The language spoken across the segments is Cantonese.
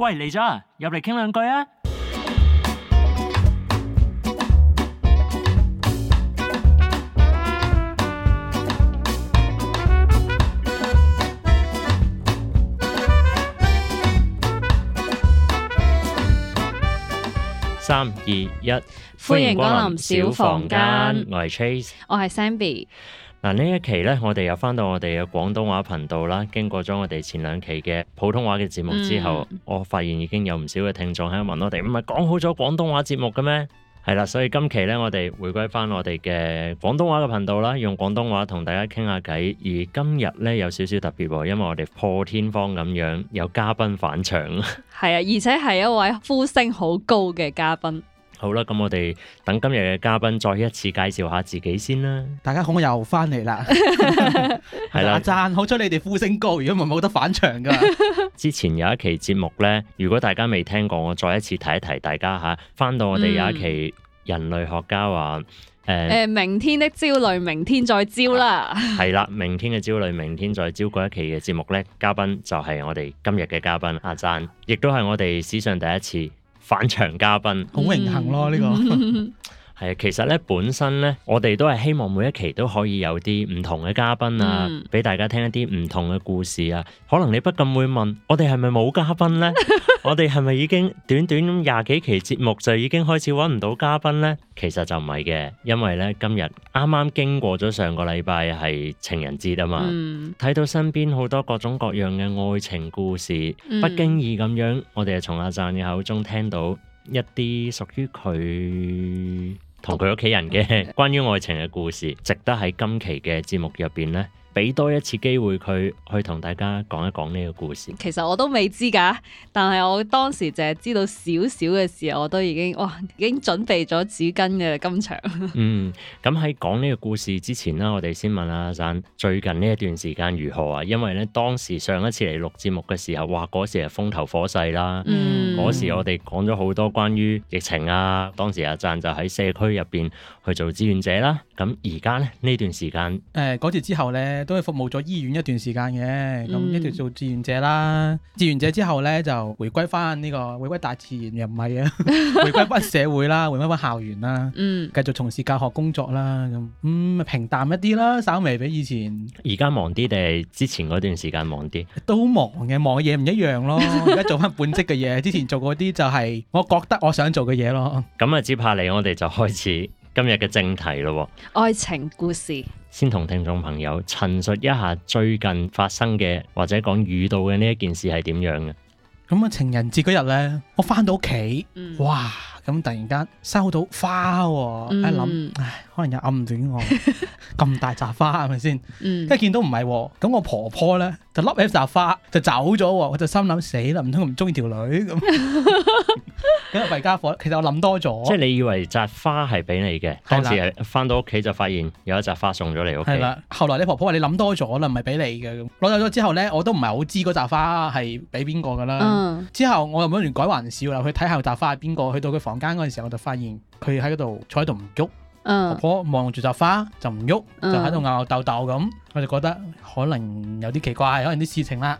喂，嚟咗啊，入嚟傾兩句啊！三、二、一，歡迎光臨小房間。我係 Trace，我係 Zenbi。嗱呢一期咧，我哋又翻到我哋嘅廣東話頻道啦。經過咗我哋前兩期嘅普通話嘅節目之後，嗯、我發現已經有唔少嘅聽眾喺度問我哋：唔係講好咗廣東話節目嘅咩？係啦，所以今期咧，我哋回歸翻我哋嘅廣東話嘅頻道啦，用廣東話同大家傾下偈。而今日咧有少少特別、啊，因為我哋破天荒咁樣有嘉賓返場。係啊，而且係一位呼聲好高嘅嘉賓。好啦，咁我哋等今日嘅嘉賓再一次介紹下自己先啦。大家好，我又翻嚟啦。係 啦 了，阿贊，好彩你哋呼聲高，如果唔係冇得返場噶。之前有一期節目咧，如果大家未聽過，我再一次提一提大家吓。翻到我哋有一期人類學家話，誒誒、嗯欸，明天的焦慮，明天再焦啦。係 啦，明天嘅焦慮，明天再焦。嗰一期嘅節目咧，嘉賓就係我哋今日嘅嘉賓阿贊，亦都係我哋史上第一次。返場嘉賓，好、嗯、榮幸咯！呢、這個。 係啊，其實咧本身咧，我哋都係希望每一期都可以有啲唔同嘅嘉賓啊，俾、嗯、大家聽一啲唔同嘅故事啊。可能你不禁會問我哋係咪冇嘉賓咧？ 我哋係咪已經短短咁廿幾期節目就已經開始揾唔到嘉賓咧？其實就唔係嘅，因為咧今日啱啱經過咗上個禮拜係情人節啊嘛，睇、嗯、到身邊好多各種各樣嘅愛情故事，嗯、不經意咁樣，我哋就從阿贊嘅口中聽到一啲屬於佢。同佢屋企人嘅關於愛情嘅故事，值得喺今期嘅節目入邊呢。俾多一次機會佢去同大家講一講呢個故事。其實我都未知㗎，但係我當時淨係知道少少嘅時候，我都已經哇已經準備咗紙巾嘅今場。 嗯，咁喺講呢個故事之前啦，我哋先問阿贊最近呢一段時間如何啊？因為呢，當時上一次嚟錄節目嘅時候，哇嗰時係風頭火勢啦，嗰、嗯、時我哋講咗好多關於疫情啊。當時阿贊就喺社區入邊去做志願者啦。咁而家咧呢段時間，誒嗰次之後呢。都係服務咗醫院一段時間嘅，咁、嗯、一直做志願者啦。志願者之後咧就回歸翻呢個回歸大自然又唔係啊， 回歸翻社會啦，回歸翻校園啦，嗯，繼續從事教學工作啦，咁咁咪平淡一啲啦，稍微比以前。而家忙啲定係之前嗰段時間忙啲？都忙嘅，忙嘅嘢唔一樣咯。而家做翻本職嘅嘢， 之前做嗰啲就係我覺得我想做嘅嘢咯。咁啊， 接下嚟我哋就開始今日嘅正題咯，愛情故事。先同聽眾朋友陳述一下最近發生嘅或者講遇到嘅呢一件事係點樣嘅？咁啊情人節嗰日咧，我翻到屋企，嗯、哇！咁突然間收到花、啊，一諗、嗯，唉，可能有暗戀我咁大扎花係咪先？是是嗯，一見到唔係、啊，咁我婆婆咧。就粒起一扎花就走咗喎，我就心諗死啦，唔通唔中意條女咁？咁啊弊傢伙，其實我諗多咗。即係你以為扎花係俾你嘅，當時係翻到屋企就發現有一扎花送咗嚟屋企。係啦，後來你婆婆話你諗多咗啦，唔係俾你嘅。攞走咗之後咧，我都唔係好知嗰扎花係俾邊個㗎啦。嗯、之後我又冇亂改玩笑啦，去睇下扎花係邊個。去到佢房間嗰陣時候，我就發現佢喺嗰度坐喺度唔喐。Uh, 婆婆望住扎花就唔喐，就喺度、uh, 咬咬豆豆咁，我就覺得可能有啲奇怪，可能啲事情啦。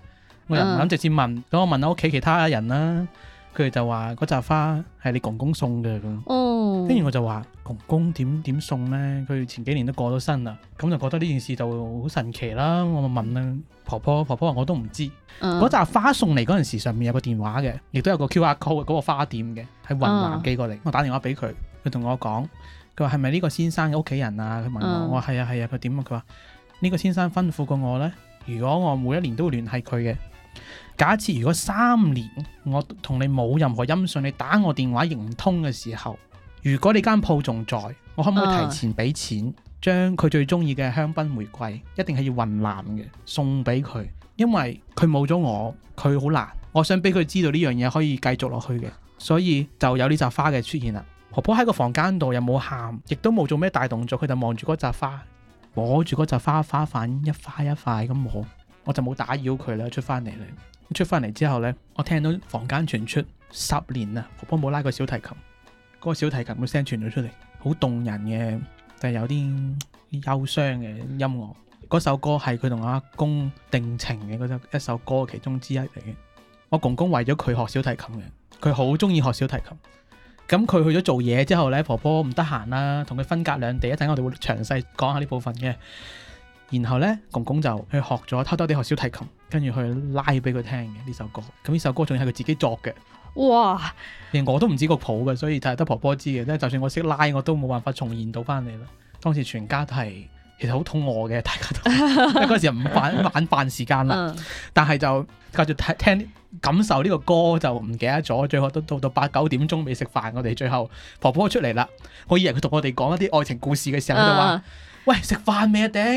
我又唔敢直接問，咁、uh, 我問下屋企其他人啦，佢哋就話嗰扎花係你公公送嘅咁。哦，跟住我就話公公點點送咧？佢前幾年都過咗身啦，咁就覺得呢件事就好神奇啦。我咪問啦婆婆，婆婆話我都唔知。嗰扎、uh, 花送嚟嗰陣時，上面有個電話嘅，亦都有個 QR code 嗰個花店嘅，喺雲南寄過嚟。Uh, uh. 我打電話俾佢，佢同我講。佢話：係咪呢個先生嘅屋企人啊？佢問我，嗯、我話係啊係啊。佢點啊？佢話：呢個先生吩咐過我呢：「如果我每一年都會聯繫佢嘅。假設如果三年我同你冇任何音訊，你打我電話亦唔通嘅時候，如果你間鋪仲在，我可唔可以提前俾錢將佢最中意嘅香檳玫瑰，一定係要雲南嘅，送俾佢？因為佢冇咗我，佢好難。我想俾佢知道呢樣嘢可以繼續落去嘅，所以就有呢扎花嘅出現啦。婆婆喺個房間度又冇喊，亦都冇做咩大動作，佢就望住嗰扎花，摸住嗰扎花，花瓣一塊一塊咁摸，我就冇打擾佢啦，出翻嚟啦。出翻嚟之後呢，我聽到房間傳出十年啊，婆婆冇拉過小提琴，嗰個小提琴嘅聲傳咗出嚟，好動人嘅，但係有啲憂傷嘅音樂。嗰首歌係佢同阿公定情嘅首一首歌其中之一嚟嘅。我公公為咗佢學小提琴嘅，佢好中意學小提琴。咁佢去咗做嘢之後呢，婆婆唔得閒啦，同佢分隔兩地。一陣我哋會詳細講下呢部分嘅。然後呢，公公就去學咗偷偷哋學小提琴，跟住去拉俾佢聽嘅呢首歌。咁呢首歌仲係佢自己作嘅。哇！連我都唔知個譜嘅，所以就係得婆婆知嘅。咧，就算我識拉，我都冇辦法重現到翻嚟啦。當時全家都係。其實好肚餓嘅，大家都，嗰陣 時唔飯 晚飯時間啦， 但係就繼續聽，聽感受呢個歌就唔記得咗，最後都到到八九點鐘未食飯，我哋最後婆婆出嚟啦，以我以為佢同我哋講一啲愛情故事嘅時候就話。 喂，食飯未啊？頂，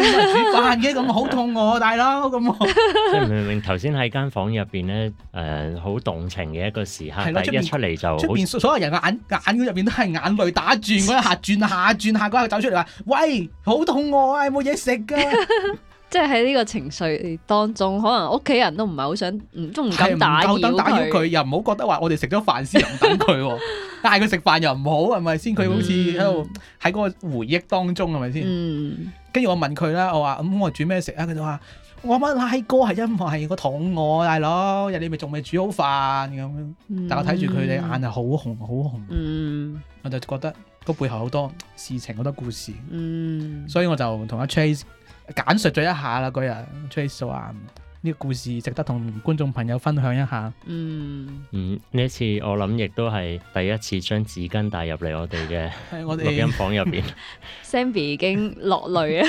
煮飯嘅咁，好肚餓，大佬咁。即係明明頭先喺間房入邊咧，誒、呃、好動情嘅一個時刻，但一出嚟，就出邊所有人嘅眼眼入邊都係眼淚打轉，嗰一下轉一下轉下嗰刻走出嚟話：喂，好肚餓啊，冇嘢食㗎。 即係喺呢個情緒當中，可能屋企人都唔係好想，都唔敢打擾佢，又唔好覺得話我哋食咗飯先又唔等佢，嗌佢食飯又唔好係咪先？佢好似喺度喺嗰個回憶當中係咪先？跟住、嗯、我問佢啦，我話咁、嗯、我煮咩食啊？佢就話我冇拉哥係因為個肚餓大佬，人哋咪仲未煮好飯咁樣。嗯、但我睇住佢哋眼係好紅好紅，紅嗯、我就覺得個背後好多事情好多故事，嗯、所以我就同阿 Trace。簡述咗一下啦，嗰日 Trace 話：「呢、呢個故事值得同觀眾朋友分享一下。嗯，嗯，呢一次我諗亦都係第一次將紙巾帶入嚟我哋嘅錄音房入邊。Sammy 已經落淚啊！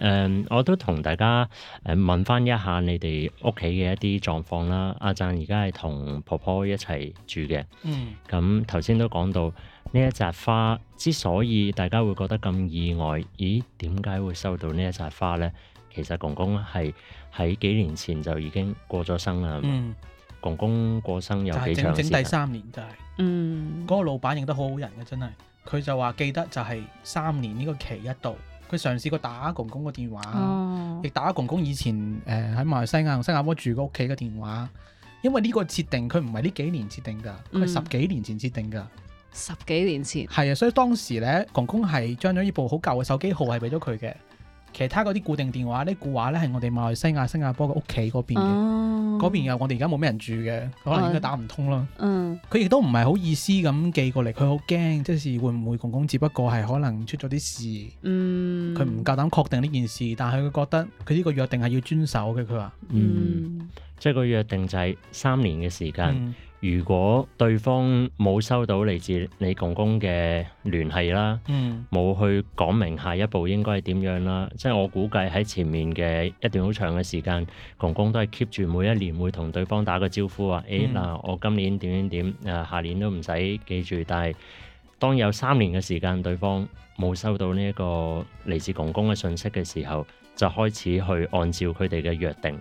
誒，我都同大家誒問翻一下你哋屋企嘅一啲狀況啦。阿 Zan 而家係同婆婆一齊住嘅。嗯，咁頭先都講到。呢一扎花之所以大家會覺得咁意外，咦？點解會收到呢一扎花呢？其實公公係喺幾年前就已經過咗生啦。嗯，公公過生有幾長時間？整整第三年就係、是。嗯，嗰個老闆認得好好人嘅，真係佢就話記得就係三年呢個期一度，佢嘗試過打公公個電話，亦、哦、打公公以前誒喺、呃、馬來西亞新加坡住個屋企嘅電話，因為呢個設定佢唔係呢幾年設定㗎，佢十幾年前設定㗎。嗯十幾年前係啊，所以當時咧，公公係將咗呢部好舊嘅手機號係俾咗佢嘅。其他嗰啲固定電話，呢固話咧係我哋馬來西亞、新加坡嘅屋企嗰邊嘅。嗰、哦、邊又我哋而家冇咩人住嘅，可能應該打唔通咯、哦。嗯，佢亦都唔係好意思咁寄過嚟，佢好驚，即、即係會唔會公公？公公只不過係可能出咗啲事。嗯，佢唔夠膽確定呢件事，但係佢覺得佢呢個約定係要遵守嘅。佢話，嗯，即係個約定就係三年嘅時間。嗯嗯如果對方冇收到嚟自你公公嘅聯繫啦，嗯，冇去講明下一步應該係點樣啦，即係我估計喺前面嘅一段好長嘅時間，公公都係 keep 住每一年會同對方打個招呼啊。誒，嗱，我今年點點點誒，下年都唔使記住，但係當有三年嘅時間，對方冇收到呢一個嚟自公公嘅信息嘅時候。就開始去按照佢哋嘅約定，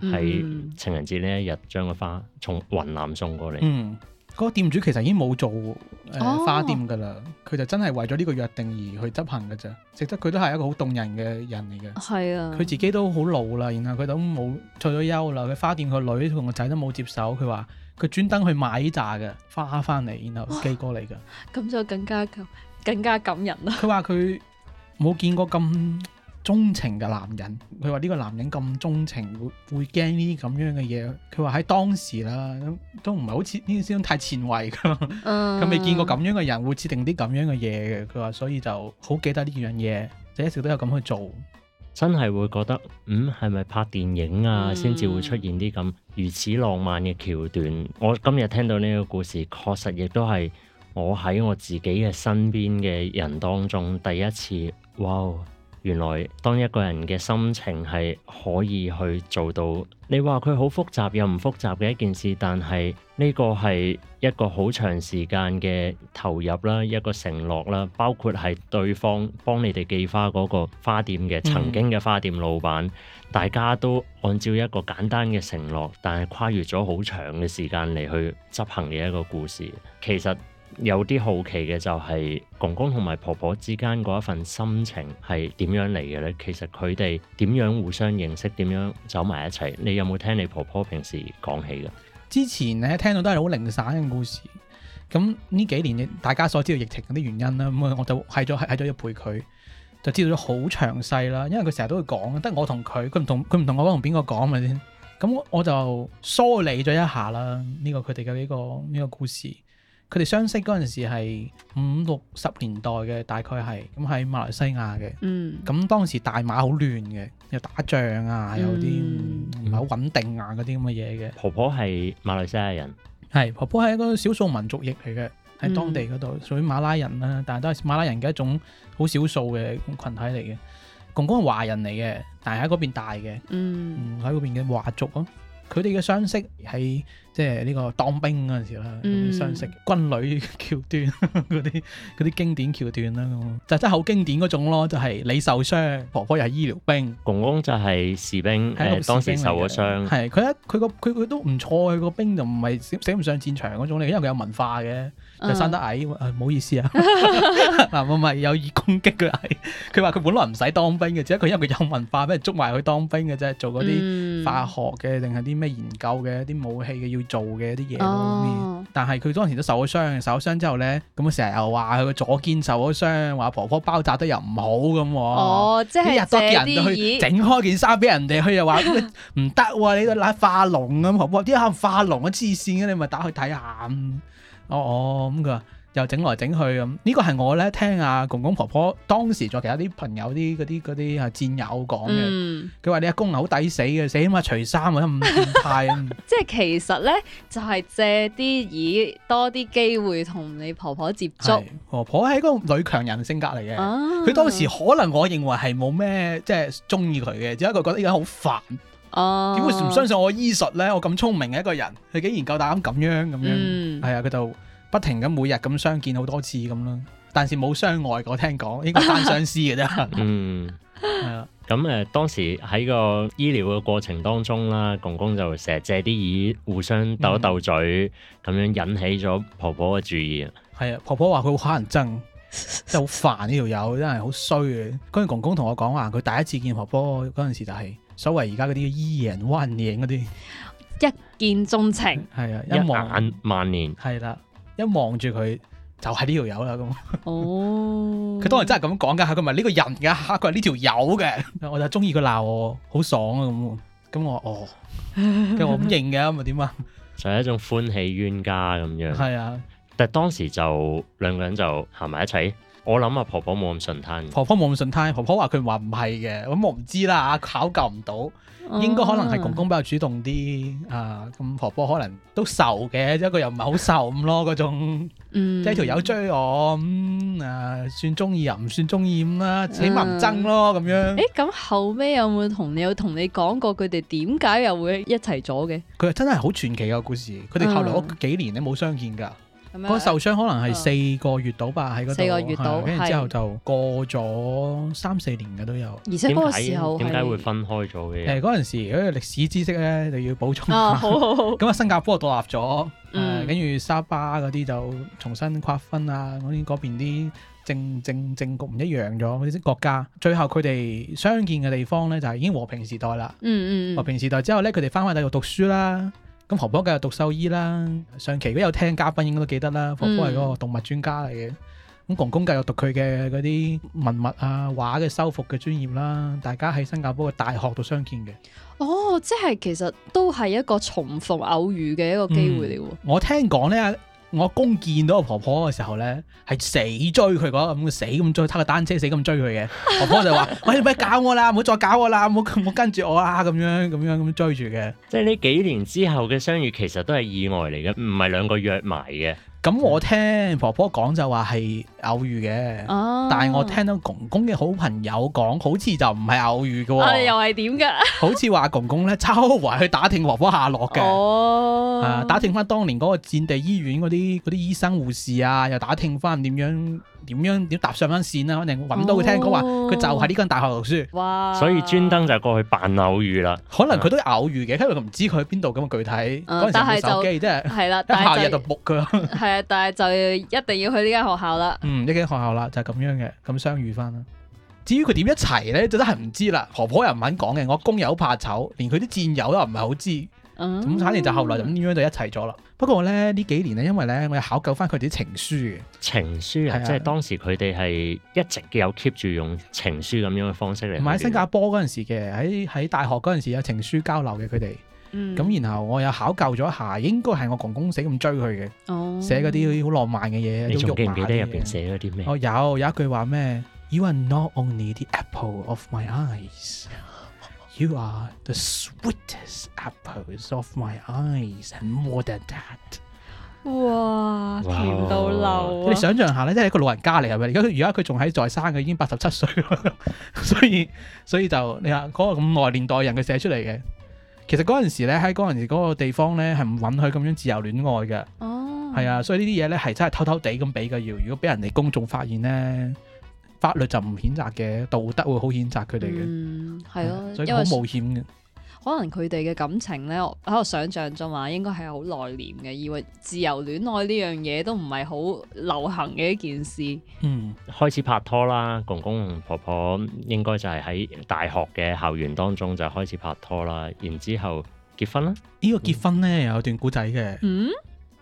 喺、嗯、情人節呢一日將個花從雲南送過嚟。嗰、嗯個店主其實已經冇做誒、呃、花店噶啦，佢、哦、就真係為咗呢個約定而去執行嘅咋，值得佢都係一個好動人嘅人嚟嘅。係啊，佢自己都好老啦，然後佢都冇退咗休啦。佢花店個女同個仔都冇接手，佢話佢專登去買紮嘅花翻嚟，然後寄過嚟嘅。咁、哦、就更加更加感人啦。佢話佢冇見過咁鍾情嘅男人，佢話呢個男人咁鍾情，會會驚呢啲咁樣嘅嘢。佢話喺當時啦，咁都唔係好似呢個時候太前衛噶，佢 未見過咁樣嘅人會設定啲咁樣嘅嘢嘅。佢話所以就好記得呢樣嘢，就一直都有咁去做，真係會覺得嗯係咪拍電影啊，先至、嗯、會出現啲咁如此浪漫嘅橋段？我今日聽到呢個故事，確實亦都係我喺我自己嘅身邊嘅人當中第一次哇、哦。原來當一個人嘅心情係可以去做到，你話佢好複雜又唔複雜嘅一件事，但係呢個係一個好長時間嘅投入啦，一個承諾啦，包括係對方幫你哋寄花嗰個花店嘅曾經嘅花店老闆，嗯、大家都按照一個簡單嘅承諾，但係跨越咗好長嘅時間嚟去執行嘅一個故事，其實。有啲好奇嘅就係公公同埋婆婆之間嗰一份心情係點樣嚟嘅咧？其實佢哋點樣互相認識，點樣走埋一齊？你有冇聽你婆婆平時講起㗎？之前咧聽到都係好零散嘅故事。咁呢幾年，大家所知道疫情嗰啲原因啦，咁我就係咗係咗一陪佢，就知道咗好詳細啦。因為佢成日都會講，得我同佢，佢唔同佢唔同我，我同邊個講咪先。咁我就梳理咗一下啦，呢個佢哋嘅呢個呢個故事。佢哋相識嗰陣時係五六十年代嘅，大概係咁喺馬來西亞嘅。嗯。咁、嗯、當時大馬好亂嘅，又打仗啊，有啲唔係好穩定啊，嗰啲咁嘅嘢嘅。婆婆係馬來西亞人。係，婆婆係一個少數民族裔嚟嘅，喺當地嗰度屬於馬拉人啦、啊，但係都係馬拉人嘅一種好少數嘅群體嚟嘅。公公係華人嚟嘅，但係喺嗰邊大嘅，嗯喺嗰邊嘅華族咯、啊。佢哋嘅相識喺即係呢個當兵嗰陣時啦，相識、嗯、軍旅橋段嗰啲啲經典橋段啦，就真係好經典嗰種咯，就係、是、你受傷，婆婆又係醫療兵，公公就係士兵，呃、時兵當時受咗傷，係佢一佢個佢佢都唔錯佢個兵就唔係寫唔上戰場嗰種咧，因為佢有文化嘅。就、嗯、生得矮，唔、呃、好意思啊！嗱、 啊，我唔係有意攻擊佢矮。佢話佢本來唔使當兵嘅，只係佢因為佢有文化，俾人捉埋去當兵嘅啫，做嗰啲化學嘅，定係啲咩研究嘅，啲武器嘅要做嘅啲嘢。但係佢當時都受咗傷，受咗傷之後咧，咁成日又話佢個左肩受咗傷，話婆婆包紮得又唔好咁。哦，即係一日多啲人，去人就去整開件衫俾人哋，佢又話唔得喎，你個乸化膿咁，婆婆啲喊化膿嘅黐線嘅，你咪打，你打去睇下。哦哦，咁佢又整來整去咁、嗯、呢個係我咧聽阿公公婆婆，婆當時再其他啲朋友啲嗰啲嗰啲啊戰友講嘅，佢話、嗯、你阿公好抵死嘅，死起碼除衫啊，咁變態啊！ 樣即係其實咧就係、是、借啲以多啲機會同你婆婆接觸。婆婆喺個女強人性格嚟嘅，佢、啊、當時可能我認為係冇咩即係中意佢嘅，只不過佢覺得而家好煩。點會唔相信我醫術咧？我咁聰明嘅一個人，佢竟然夠膽咁樣咁樣，係、嗯、啊，佢就不停咁每日咁相見好多次咁啦。但是冇相愛，我聽講應該單相思嘅啫。嗯，係啊。咁誒、嗯呃，當時喺個醫療嘅過程當中啦，公公就成日借啲耳互相鬥一鬥嘴，咁、嗯、樣引起咗婆婆嘅注意。係啊，婆婆話佢好可人憎，即係好煩呢條友， 真係好衰嘅。跟住公公同我講話，佢第一次見婆婆嗰陣時就係。所謂而家嗰啲叫依人、幻影嗰啲，一見鐘情，係啊，一眼萬年，係啦，一望住佢就係呢條友啦咁。哦，佢當年真係咁講㗎，佢唔係呢個人㗎，佢係呢條友嘅。我就中意佢鬧我，好爽啊咁。咁我哦，咁我唔認嘅，咁咪點啊？就係一種歡喜冤家咁樣。係啊，但係當時就兩個人就行埋一齊。我諗啊，婆婆冇咁順攤。婆婆冇咁順攤，婆婆話佢話唔係嘅，咁我唔知啦嚇，考究唔到，應該可能係公公比較主動啲啊，咁、啊、婆婆可能都愁嘅，一個又唔係好愁咁咯，嗰種、嗯、即係條友追我咁、嗯、啊，算中意又唔算中意咁啦，且問憎咯咁樣。誒、嗯，咁後尾有冇同你有同你講過佢哋點解又會一齊咗嘅？佢真係好傳奇個故事，佢哋後來嗰幾年你冇相見㗎。嗯個受傷可能係四個月到吧，喺嗰度，跟住之後就過咗三四年嘅都有。而且嗰個時候點解會分開咗嘅？誒，嗰陣時嗰啲、嗰個、歷史知識咧，就要補充。啊，好好好。咁啊，新加坡獨立咗，跟住沙巴嗰啲就重新劃分啊，嗰啲、嗰、邊啲政政政局唔一樣咗嗰啲國家。最後佢哋相見嘅地方咧，就係、是、已經和平時代啦、嗯。嗯嗯。和平時代之後咧，佢哋翻翻大陸讀書啦。咁婆婆繼續讀獸醫啦，上期都有聽嘉賓應該都記得啦，嗯、婆婆係嗰個動物專家嚟嘅。咁公公繼續讀佢嘅嗰啲文物啊、畫嘅修復嘅專業啦，大家喺新加坡嘅大學度相見嘅。哦，即係其實都係一個重逢偶遇嘅一個機會嚟嘅、嗯。我聽講咧。我公見到我婆婆嘅時候咧，係死追佢嗰咁死咁追，揸個單車死咁追佢嘅。婆婆就話： 喂，你咪搞我啦，唔好再搞我啦，唔好唔好跟住我啊！咁樣咁樣咁追住嘅。即係呢幾年之後嘅相遇，其實都係意外嚟嘅，唔係兩個約埋嘅。咁我聽婆婆講就話係偶遇嘅。哦、但係我聽到公公嘅好朋友講，好似就唔係偶遇嘅喎，啊。又係點㗎？ 好似話公公咧，周圍去打聽婆婆下落嘅。啊、哦，打聽翻當年嗰個戰地醫院嗰啲嗰啲醫生護士啊，又打聽翻點樣。點樣點搭上翻線啦？反正揾到佢，聽講話佢就喺呢間大學讀書，所以專登就過去扮偶遇啦。可能佢都偶遇嘅，因為佢唔知佢喺邊度咁嘅具體嗰陣、嗯、時手機即係係啦。一下日就卜佢，係啊，但係就一定要去呢間學校啦。嗯，呢間學校啦就係、是、咁樣嘅咁相遇翻啦。至於佢點一齊咧，就真係唔知啦。婆婆又唔肯講嘅，我公又怕醜，連佢啲戰友都唔係好知。咁反正就後來就咁樣就一齊咗啦。不過咧呢幾年咧，因為咧我又考究翻佢哋啲情書，情書啊，即係當時佢哋係一直有 keep 住用情書咁樣嘅方式嚟。唔喺新加坡嗰陣時嘅，喺喺大學嗰陣時有情書交流嘅佢哋。咁、嗯、然後我又考究咗一下，應該係我公公死咁追佢嘅。哦，oh. 寫嗰啲好浪漫嘅嘢。你仲記唔記得入邊寫咗啲咩？哦，有有，有一句話咩？You are not only the apple of my eyes。You are the sweetest apples of my eyes, and more than that。哇，甜到流啊！你想象下咧，即係一個老人家嚟，係咪？而家而家佢仲喺在生嘅，已經八十七歲 所，所以所以就你話嗰、嗰個咁耐年代人佢寫出嚟嘅，其實嗰陣時咧喺嗰陣時嗰個地方咧係唔允許咁樣自由戀愛嘅。哦，係啊，所以呢啲嘢咧係真係偷偷地咁俾嘅，要如果俾人哋公眾發現咧。法律就唔譴責嘅，道德會好譴責佢哋嘅，嗯，係咯、嗯，所以好冒險嘅。可能佢哋嘅感情咧，喺我，我想象中話，應該係好內斂嘅，以為自由戀愛呢樣嘢都唔係好流行嘅一件事。嗯，開始拍拖啦，公公婆婆應該就係喺大學嘅校園當中就開始拍拖啦，然後之後結婚啦。呢個結婚咧有段古仔嘅，嗯，嗯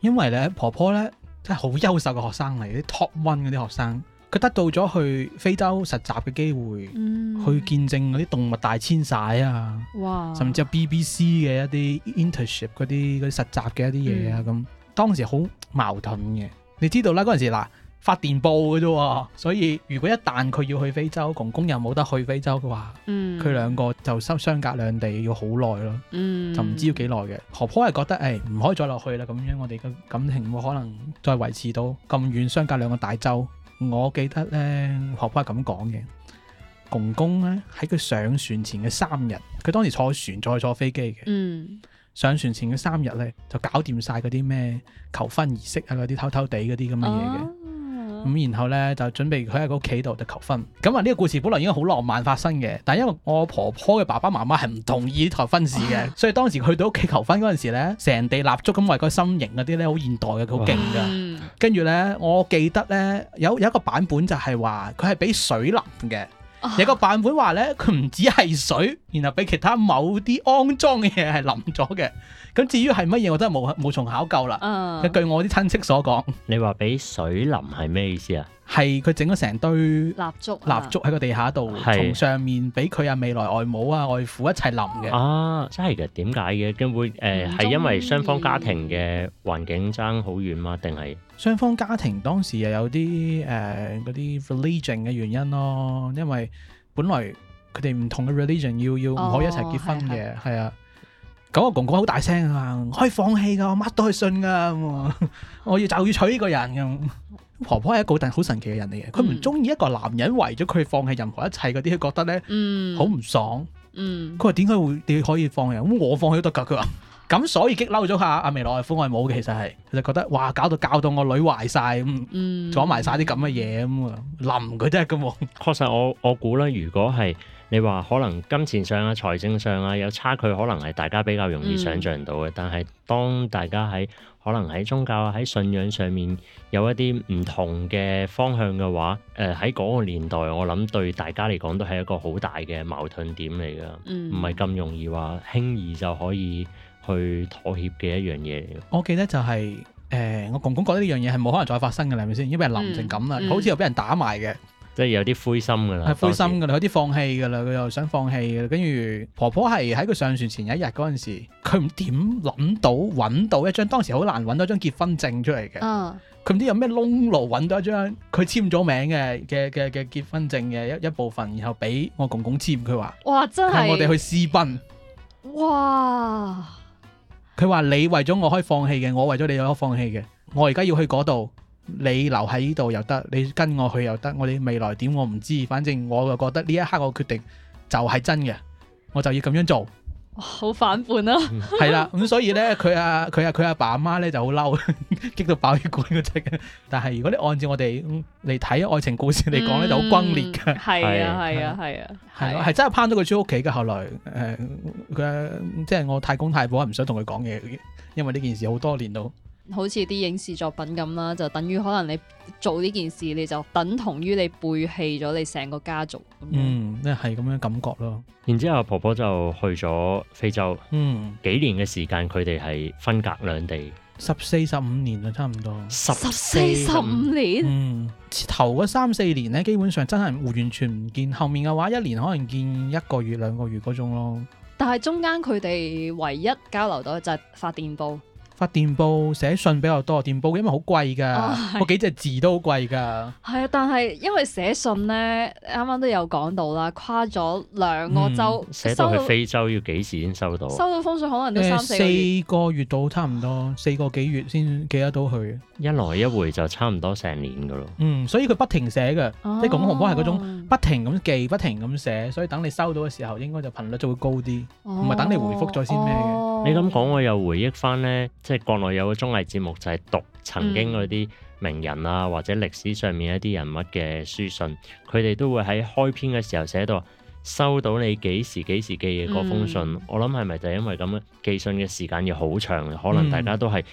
因為咧婆婆咧真係好優秀嘅學生嚟，啲 top one 嗰啲學生。佢得到咗去非洲實習嘅機會，去見證嗰啲動物大遷徙啊，甚至有 B B C 嘅一啲 internship 嗰啲啲實習嘅一啲嘢啊。咁當時好矛盾嘅，你知道啦。嗰陣時嗱發電報嘅啫，所以如果一旦佢要去非洲，公公又冇得去非洲嘅話，佢兩個就相相隔兩地，要好耐咯，就唔知要幾耐嘅。婆婆係覺得誒唔可以再落去啦，咁樣我哋嘅感情冇可能再維持到咁遠，相隔兩個大洲。我記得咧，爸係咁講嘅，公公咧喺佢上船前嘅三日，佢當時坐船再坐飛機嘅，嗯、上船前嘅三日咧就搞掂晒嗰啲咩求婚儀式啊嗰啲偷偷地嗰啲咁嘅嘢嘅。啊。咁然後咧就準備佢喺個屋企度就求婚，咁啊呢個故事本來應該好浪漫發生嘅，但係因為我婆婆嘅爸爸媽媽係唔同意呢台婚事嘅，哇所以當時去到屋企求婚嗰陣時咧，成地蠟燭咁為個心形嗰啲咧好現代嘅好勁噶跟住咧，我記得咧有有一個版本就係話佢係俾水淋嘅，有個版本話咧佢唔止係水，然後俾其他某啲骯髒嘅嘢係淋咗嘅。咁至於係乜嘢，我真係冇冇從考究啦。嗯，據我啲親戚所講，你話俾水淋係咩意思啊？係佢整咗成堆蠟燭，蠟燭喺個地下度，從上面俾佢啊未來外母啊外父一齊淋嘅。啊，真係嘅，點解嘅？根本誒係因為雙方家庭嘅環境爭好遠嗎？定係雙方家庭當時又有啲誒嗰啲 religion 嘅原因咯，因為本來佢哋唔同嘅 religion 要要唔可以一齊結婚嘅，係啊、哦。咁我公公好大聲啊，我可以放棄噶，我乜都可以信噶，我要就要娶呢個人咁。婆婆係一個好神奇嘅人嚟嘅，佢唔中意一個男人為咗佢放棄任何一切嗰啲，佢覺得咧，好唔爽，嗯，佢話點解會你可以放棄？咁我放棄都得㗎。佢話咁，所以激嬲咗下。阿、啊、未來外父係冇嘅，其實係，佢就覺得哇，搞到教到我女壞晒，咁，阻埋晒啲咁嘅嘢咁啊，淋佢真係㗎喎。確實我，我我估咧，如果係。你話可能金錢上啊、財政上啊有差距，可能係大家比較容易想象到嘅。嗯、但係當大家喺可能喺宗教啊、喺信仰上面有一啲唔同嘅方向嘅話，誒喺嗰個年代，我諗對大家嚟講都係一個好大嘅矛盾點嚟㗎。唔係咁容易話輕易就可以去妥協嘅一樣嘢。我記得就係、是、誒、呃，我公公覺得呢樣嘢係冇可能再發生㗎，係咪先？因為淋成咁啦，嗯嗯、好似又俾人打埋嘅。即係有啲灰心噶啦，係時灰心噶啦，有啲放棄噶啦，佢又想放棄噶啦。跟住婆婆係喺佢上船前一日嗰陣時，佢唔點諗到揾到一張當時好難揾到一張結婚證出嚟嘅。佢唔、嗯、知有咩窿路揾到一張，佢簽咗名嘅嘅嘅嘅結婚證嘅一一部分，然後俾我公公簽。佢話，哇，真係我哋去私奔。哇！佢話，你為咗我可以放棄嘅，我為咗你可以放棄嘅。我而家要去嗰度。你留喺呢度又得，你跟我去又得，我哋未來點我唔知，反正我就覺得呢一刻我決定就係真嘅，我就要咁樣做。好反叛啦、啊！ 係啦，咁所以呢，佢阿佢阿佢阿爸阿媽呢就好嬲， 激到爆血管嗰隻。但係如果你按照我哋嚟睇愛情故事嚟講呢，嗯、就好轟烈噶。係啊係啊係啊，係係、啊啊啊、真係攀到佢出屋企嘅。後來誒，佢、呃、即係我太公太婆唔想同佢講嘢，因為呢件事好多年都。好似啲影視作品咁啦，就等於可能你做呢件事，你就等同於你背棄咗你成個家族。嗯，即係咁樣感覺咯。然之後婆婆就去咗非洲。嗯。幾年嘅時間，佢哋係分隔兩地。十四、十五年啊，差唔多。十四、十五年。嗯，頭嗰三四年呢，基本上真係完全唔見。後面嘅話，一年可能見一個月、兩個月嗰種咯。但係中間佢哋唯一交流到就係發電報。發電報寫信比較多，電報因為好貴㗎，嗰、哦、幾隻字都好貴㗎。係啊，但係因為寫信咧，啱啱都有講到啦，跨咗兩個洲、嗯、寫到去非洲要幾時先收到？收到封信可能都三、嗯、四個月到差唔多，四個幾月先寄得到去。一來一回就差唔多成年㗎咯。嗯，所以佢不停寫㗎，哦、即係廣東話係嗰種不停咁寄、不停咁寫，所以等你收到嘅時候，應該就頻率就會高啲，唔係、哦、等你回覆咗先咩嘅。哦哦、你咁講，我又回憶翻咧。即係國內有個綜藝節目就係讀曾經嗰啲名人啊或者歷史上面一啲人物嘅書信，佢哋都會喺開篇嘅時候寫到收到你幾時幾時寄嘅嗰封信，嗯、我諗係咪就係因為咁樣寄信嘅時間要好長，可能大家都係、嗯。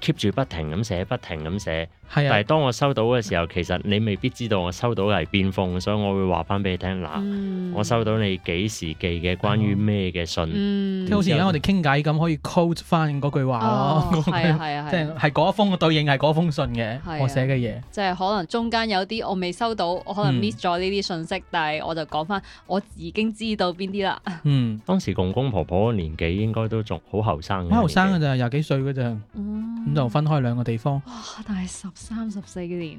keep 住不停咁寫，不停咁寫。係。但係當我收到嘅時候，其實你未必知道我收到嘅係邊封，所以我會話翻俾你聽嗱，我收到你幾時寄嘅關於咩嘅信？即好似而家我哋傾偈咁，可以 quote 翻嗰句話咯。係係係。即係係嗰封嘅對應係嗰封信嘅，我寫嘅嘢。即係可能中間有啲我未收到，我可能 miss 咗呢啲信息，但係我就講翻，我已經知道邊啲啦。嗯。當時公公婆婆年紀應該都仲好後生嘅。好後生㗎咋，廿幾歲㗎咋。咁就分開兩個地方。哇、哦！但係十三十四年，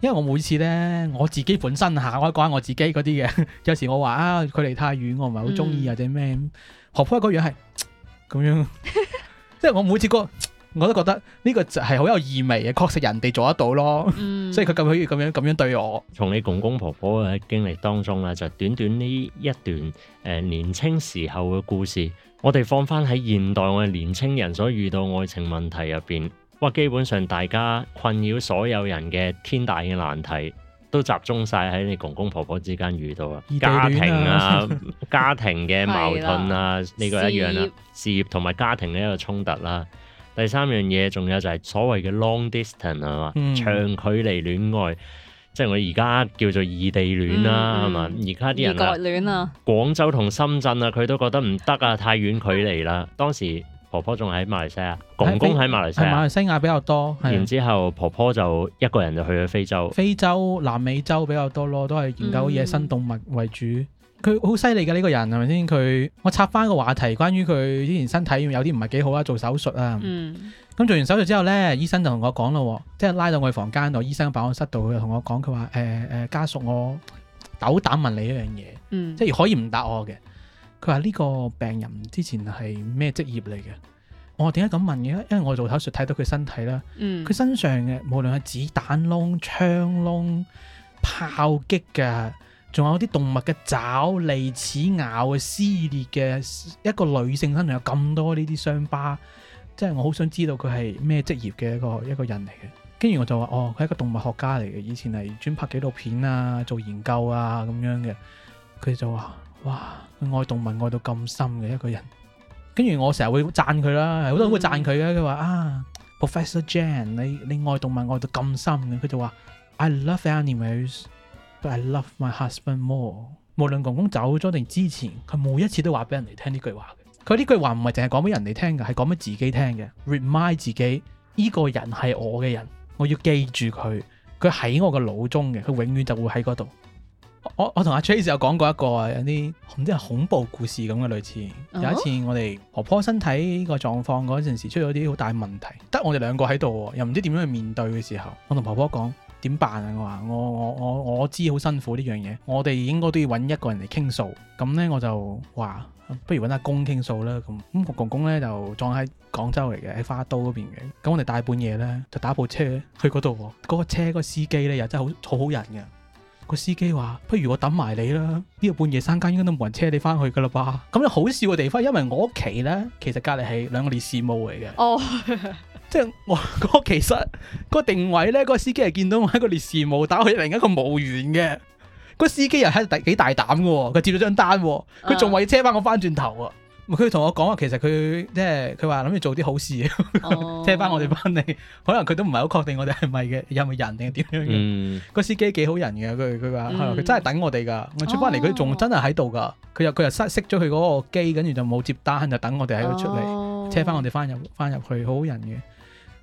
因為我每次呢，我自己本身下，我關我自己嗰啲嘅。 有時我話啊，距離太遠，我唔係好中意，嗯、或者咩？學開一個樣係咁樣，即係 我每次個。我都覺得呢個就係好有意味嘅，確實人哋做得到咯，嗯、所以佢咁樣咁樣咁樣對我。從你公公婆婆嘅經歷當中咧，就短短呢一段誒、呃、年輕時候嘅故事，我哋放翻喺現代我哋年青人所遇到愛情問題入邊，哇！基本上大家困擾所有人嘅天大嘅難題，都集中晒喺你公公婆婆之間遇到啦，啊、家庭啊、 家庭嘅矛盾啊，呢 了個一樣啦、啊，事，事業同埋家庭呢一個衝突啦、啊。第三樣嘢，仲有就係所謂嘅 long distance 係嘛，嗯、長距離戀愛，即係我而家叫做異地戀啦，係嘛、嗯？而家啲人異國戀啊，廣州同深圳啊，佢都覺得唔得啊，太遠距離啦。當時婆婆仲喺馬來西亞，公公喺馬來西亞，馬來西亞比較多。然之後婆婆就一個人就去咗非洲，非洲南美洲比較多咯，都係研究野生動物為主。嗯佢好犀利嘅呢個人係咪先？佢我插翻個話題，關於佢之前身體有啲唔係幾好啊，做手術啊。咁、嗯、做完手術之後呢，醫生就同我講咯，即係拉到我房間度，醫生辦公室度，佢就同我講，佢話誒誒家屬，我斗膽問你一樣嘢，嗯、即係可以唔答我嘅。佢話呢個病人之前係咩職業嚟嘅？我話點解咁問嘅？因為我做手術睇到佢身體啦，佢、嗯、身上嘅無論係子彈窿、槍窿、炮擊嘅。仲有啲動物嘅爪利、利齒咬嘅撕裂嘅，一個女性身上有咁多呢啲傷疤，即係我好想知道佢係咩職業嘅一個一個人嚟嘅。跟住我就話：哦，佢係一個動物學家嚟嘅，以前係專拍紀錄片啊、做研究啊咁樣嘅。佢就話：哇，愛動物愛到咁深嘅一個人。跟住我成日會讚佢啦，好多人都會讚佢嘅。佢話：啊 ，Professor Jane，你你愛動物愛到咁深嘅。佢就話：I love animals。But I love my husband more。無論公公走咗定之前，佢每一次都話俾人哋聽呢句話嘅。佢呢句話唔係淨係講俾人哋聽嘅，係講俾自己聽嘅。remind 自己呢個人係我嘅人，我要記住佢。佢喺我嘅腦中嘅，佢永遠就會喺嗰度。我我同阿 Trace 有講過一個啊，有啲唔知係恐怖故事咁嘅類似。Uh huh. 有一次我哋婆婆身體個狀況嗰陣時出咗啲好大問題，得我哋兩個喺度，又唔知點樣去面對嘅時候，我同婆婆講。點辦啊？我話我我我我知好辛苦呢樣嘢，我哋應該都要揾一個人嚟傾訴。咁呢，我就話，不如揾阿公傾訴啦。咁咁公公呢就葬喺廣州嚟嘅，喺花都嗰邊嘅。咁我哋大半夜呢，就打部車去嗰度。嗰、嗰個車個司機呢，又真係好好人㗎。嗰個司機話：不如我等埋你啦。呢個半夜三更應該都冇人車你翻去㗎啦吧？咁又好笑嘅地方，因為我屋企呢，其實隔離係兩個烈士墓嚟嘅。 即係我個其實、個定位咧，個司機係見到我喺個烈士墓打去另一個墓園嘅。個司機又喺度幾大膽嘅喎？佢接咗張單，佢仲話要車翻我翻轉頭啊！佢同、uh, 我講話，其實佢即係佢話諗住做啲好事，車翻、uh, 我哋翻嚟。可能佢都唔係好確定我哋係咪嘅，有冇人定係點樣嘅？Um, 個司機幾好人嘅，佢佢話佢真係等我哋噶。我、uh, 出翻嚟佢仲真係喺度噶。佢又佢又失熄咗佢嗰個機，跟住就冇接單，就等我哋喺度出嚟車翻我哋翻入翻入去，好好人嘅。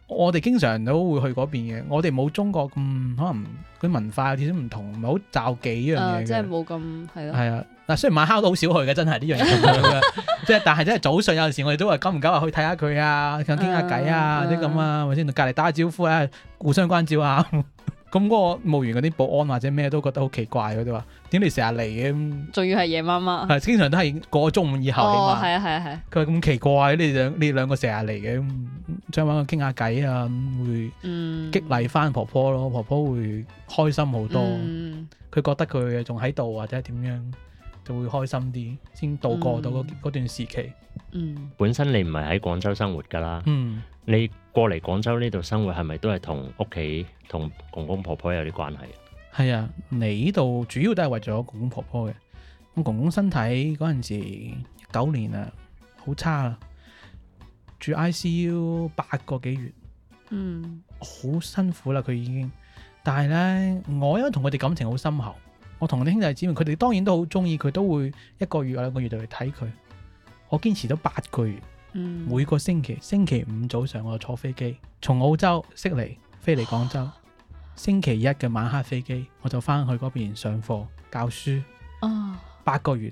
我哋經常都會去嗰邊嘅，我哋冇中國咁、嗯、可能佢文化有啲唔同，唔係好罩幾樣嘢即係冇咁係咯。係啊，嗱，雖然晚黑都好少去嘅，真係呢樣嘢，即係 但係真係早上 有時我哋都話久唔久去睇下佢啊，想傾下偈啊啲咁啊，係咪先？隔離、啊呃、打下招呼啊，互相關照啊。 咁個墓園嗰啲保安或者咩都覺得好奇怪，佢哋話點你成日嚟嘅？仲要係夜媽媽係經常都係過中午以後。哦，係啊，係啊，係、啊。佢話咁奇怪，你哋兩你哋兩個成日嚟嘅，想揾佢傾下偈啊，會激勵翻婆婆咯，婆婆會開心好多。佢、嗯、覺得佢仲喺度或者點樣？就會開心啲，先度過到嗰段時期。嗯，嗯，本身你唔係喺廣州生活㗎啦。嗯，你過嚟廣州呢度生活係咪都係同屋企、同公公婆婆，婆，婆有啲關係？係、嗯、啊，啊，你呢度主要都係為咗公公婆婆嘅。咁、嗯、公公身體嗰陣時九年啊，好差，啊。住 ICU 八個幾月。嗯，好辛苦啦佢已經。但係呢，我因為同佢哋感情好深厚。我同啲兄弟姊妹，佢哋當然都好中意，佢都會一個月或兩個月就嚟睇佢。我堅持咗八個月，嗯、每個星期星期五早上我就坐飛機從澳洲悉尼飛嚟廣州。哦、星期一嘅晚黑飛機我就翻去嗰邊上課教書。八、哦、個月，